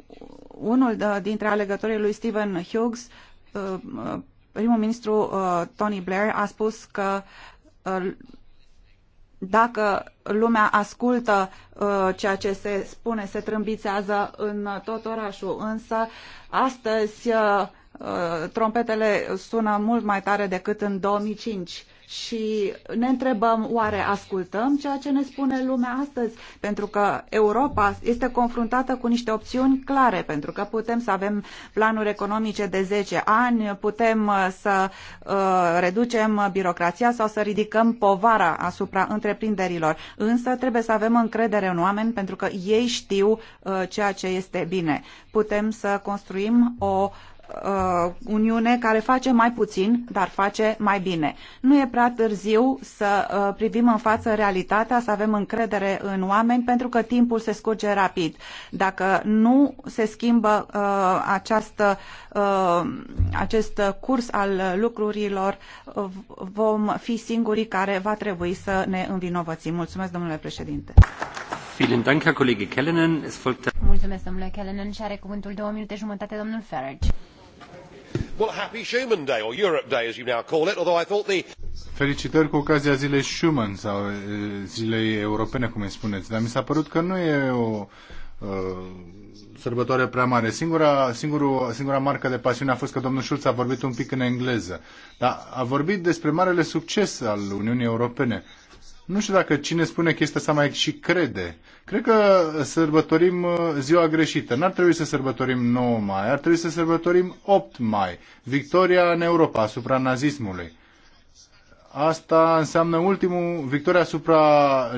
unul dintre alegătorii lui Stephen Hughes, uh, primul ministru uh, Tony Blair, a spus că dacă lumea ascultă ceea ce se spune, se trâmbițează în tot orașul. Însă, astăzi, Uh, trompetele sună mult mai tare decât în 2005 și ne întrebăm oare ascultăm ceea ce ne spune lumea astăzi, pentru că Europa este confruntată cu niște opțiuni clare, pentru că putem să avem planuri economice de 10 ani, putem uh, să uh, reducem birocrația sau să ridicăm povara asupra întreprinderilor, însă trebuie să avem încredere în oameni pentru că ei știu uh, ceea ce este bine. Putem să construim o uh, uh, Uniune care face mai puțin, dar face mai bine. Nu e prea târziu să uh, privim în față realitatea, să avem încredere în oameni, pentru că timpul se scurge rapid. Dacă nu se schimbă uh, această, uh, acest curs al lucrurilor, uh, vom fi singurii care va trebui să ne învinovățim. Mulțumesc, domnule președinte. Mulțumesc, domnule Kellenen. Și are cuvântul două minute jumătate, domnul Farage. Well, happy Schuman Day, or Europe Day as you now call it, although I thought the... Felicitări cu ocazia zilei Schuman sau zilei europene, cum îi spuneți, dar mi s-a părut că nu e o uh, sărbătoare prea mare. Singura, singurul, singura marcă de pasiune a fost că domnul Schulz a vorbit un pic în engleză, dar a vorbit despre marele succes al Uniunii Europene. Nu știu dacă cine spune chestia asta mai și crede. Cred că sărbătorim uh, ziua greșită. N-ar trebui să sărbătorim 9 mai, ar trebui să sărbătorim 8 mai. Victoria în Europa asupra nazismului. Asta înseamnă ultimul, victoria asupra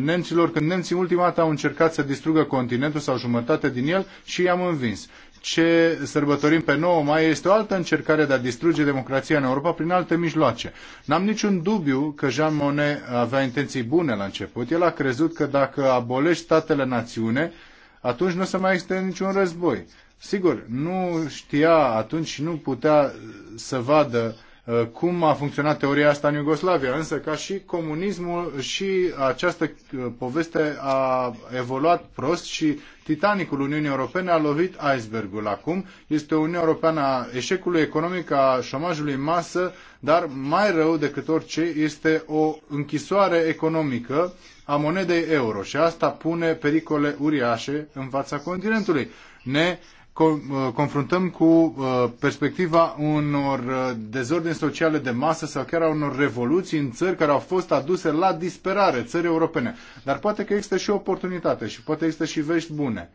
nemților, când nemții ultima dată au încercat să distrugă continentul sau jumătate din el și i-am învins ce sărbătorim pe 9 mai este o altă încercare de a distruge democrația în Europa prin alte mijloace. N-am niciun dubiu că Jean Monnet avea intenții bune la început. El a crezut că dacă abolești statele națiune, atunci nu se mai este niciun război. Sigur, nu știa atunci și nu putea să vadă Uh, cum a funcționat teoria asta în Iugoslavia. Însă, ca și comunismul și această uh, poveste a evoluat prost și Titanicul Uniunii Europene a lovit icebergul acum. Este Uniunea Europeană a eșecului economic, a șomajului masă, dar mai rău decât orice este o închisoare economică a monedei euro și asta pune pericole uriașe în fața continentului. Ne Uh, confruntăm cu uh, perspectiva unor uh, dezordini sociale de masă sau chiar a unor revoluții în țări care au fost aduse la disperare, țări europene. Dar poate că există și oportunitate și poate există și vești bune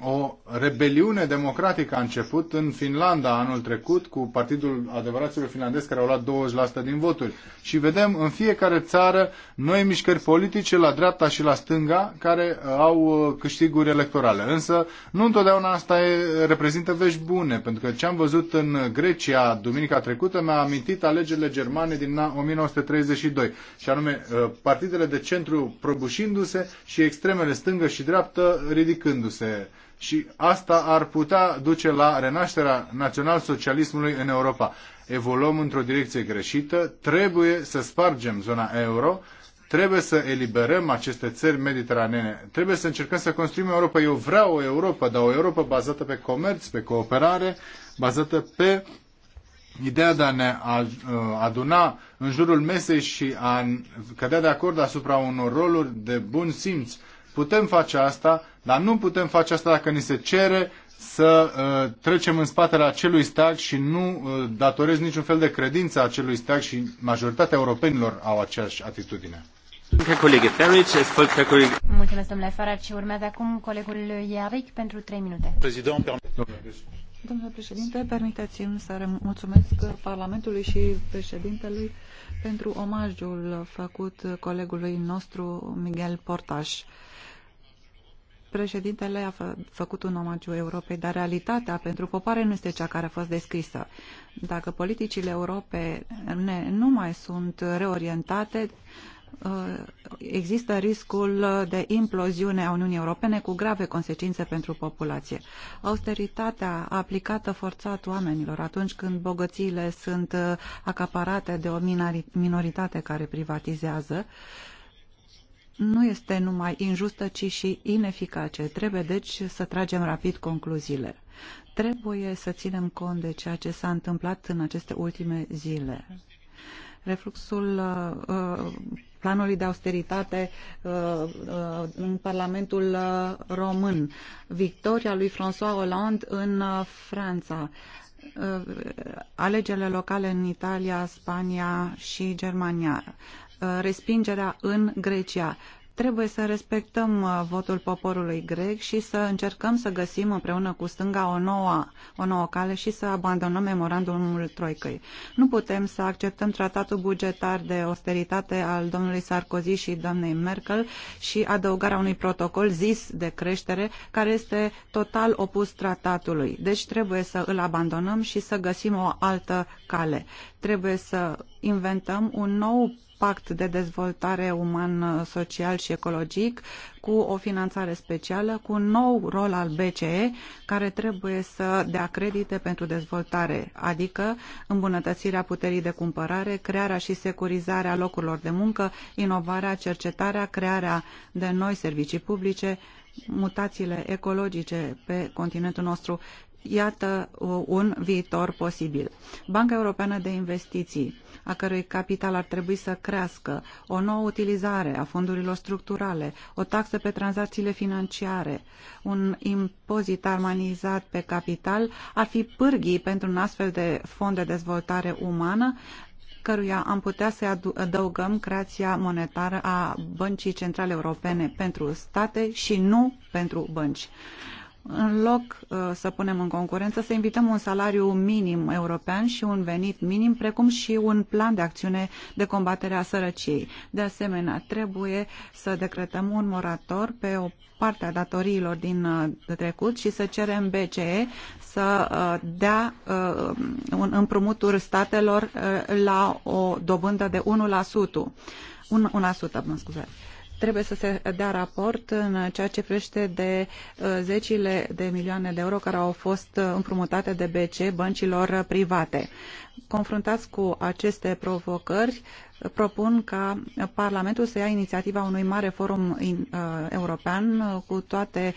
o rebeliune democratică a început în Finlanda anul trecut cu Partidul Adevăraților Finlandez care au luat 20% din voturi. Și vedem în fiecare țară noi mișcări politice la dreapta și la stânga care uh, au uh, câștiguri electorale. Însă nu întotdeauna asta e, reprezintă vești bune, pentru că ce am văzut în Grecia duminica trecută mi-a amintit alegerile germane din 1932, și anume uh, partidele de centru prăbușindu-se și extremele stângă și dreaptă ridicându-se și asta ar putea duce la renașterea național-socialismului în Europa. Evoluăm într-o direcție greșită, trebuie să spargem zona euro, trebuie să eliberăm aceste țări mediteranene, trebuie să încercăm să construim Europa. Eu vreau o Europa, dar o Europa bazată pe comerț, pe cooperare, bazată pe ideea de a ne uh, aduna în jurul mesei și a cădea de acord asupra unor roluri de bun simț. Putem face asta dar nu putem face asta dacă ni se cere să uh, trecem în spatele acelui stag și nu uh, datorez niciun fel de credință acelui stag și majoritatea europenilor au aceeași atitudine. Mulțumesc, domnule Farage. Urmează acum colegul Iaric pentru 3 minute. Domnule președinte, permiteți-mi să mulțumesc Parlamentului și președintelui pentru omagiul făcut colegului nostru Miguel Portaș. Președintele a fă, făcut un omagiu Europei, dar realitatea pentru popoare nu este cea care a fost descrisă. Dacă politicile Europei nu mai sunt reorientate, uh, există riscul de imploziune a Uniunii Europene cu grave consecințe pentru populație. Austeritatea aplicată forțat oamenilor atunci când bogățiile sunt uh, acaparate de o minoritate care privatizează, nu este numai injustă, ci și ineficace. Trebuie, deci, să tragem rapid concluziile. Trebuie să ținem cont de ceea ce s-a întâmplat în aceste ultime zile. Refluxul uh, uh planului de austeritate uh, uh, în Parlamentul uh, român, victoria lui François Hollande în uh, Franța, alegerile locale în Italia, Spania și Germania, Uh, respingerea în Grecia. Trebuie să respectăm uh, votul poporului grec și să încercăm să găsim împreună cu stânga o nouă, o nouă cale și să abandonăm memorandumul Troicăi. Nu putem să acceptăm tratatul bugetar de austeritate al domnului Sarkozy și doamnei Merkel și adăugarea unui protocol zis de creștere care este total opus tratatului. Deci trebuie să îl abandonăm și să găsim o altă cale. Trebuie să inventăm un nou pact de dezvoltare uman, social și ecologic, cu o finanțare specială, cu un nou rol al BCE care trebuie să dea credite pentru dezvoltare, adică îmbunătățirea puterii de cumpărare, crearea și securizarea locurilor de muncă, inovarea, cercetarea, crearea de noi servicii publice, mutațiile ecologice pe continentul nostru. Iată uh, un viitor posibil. Banca Europeană de Investiții, a cărui capital ar trebui să crească, o nouă utilizare a fondurilor structurale, o taxă pe tranzacțiile financiare, un impozit armonizat pe capital, ar fi pârghii pentru un astfel de fond de dezvoltare umană, căruia am putea să adăugăm creația monetară a Băncii Centrale Europene pentru state și nu pentru bănci în loc uh, să punem în concurență, să invităm un salariu minim european și un venit minim, precum și un plan de acțiune de combatere a sărăciei. De asemenea, trebuie să decretăm un morator pe o parte a datoriilor din uh, trecut și să cerem BCE să uh, dea uh, un împrumuturi statelor uh, la o dobândă de 1%. 1% mă scuzați trebuie să se dea raport în ceea ce privește de uh, zecile de milioane de euro care au fost uh, împrumutate de BC băncilor private. Confruntați cu aceste provocări, uh, propun ca Parlamentul să ia inițiativa unui mare forum european cu toate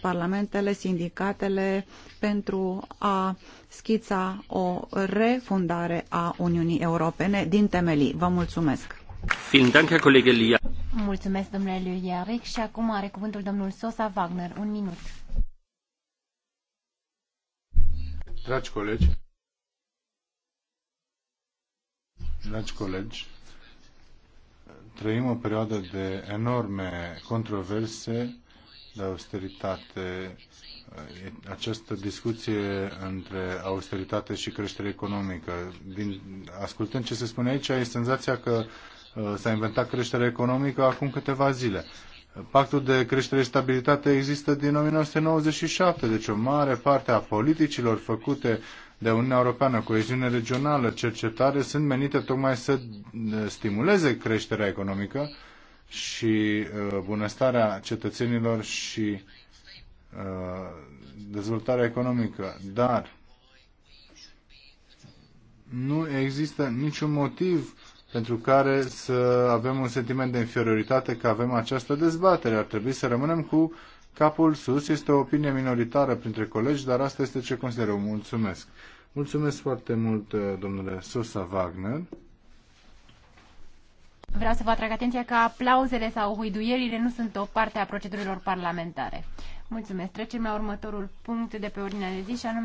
parlamentele, sindicatele, pentru a schița o refundare a Uniunii Europene din temelii. Vă mulțumesc! Mulțumesc, domnule lui Și acum are cuvântul domnul Sosa Wagner. Un minut. Dragi colegi, dragi colegi, trăim o perioadă de enorme controverse, de austeritate. Această discuție între austeritate și creștere economică. Din, ascultând ce se spune aici, e senzația că Uh, s-a inventat creșterea economică acum câteva zile. Pactul de creștere și stabilitate există din 1997, deci o mare parte a politicilor făcute de Uniunea Europeană, coeziune regională, cercetare, sunt menite tocmai să stimuleze creșterea economică și uh, bunăstarea cetățenilor și uh, dezvoltarea economică. Dar nu există niciun motiv pentru care să avem un sentiment de inferioritate că avem această dezbatere. Ar trebui să rămânem cu capul sus. Este o opinie minoritară printre colegi, dar asta este ce consider eu. Mulțumesc. Mulțumesc foarte mult, eh, domnule Sosa Wagner. Vreau să vă atrag atenția că aplauzele sau huiduierile nu sunt o parte a procedurilor parlamentare. Mulțumesc. Trecem la următorul punct de pe ordinea de zi și anume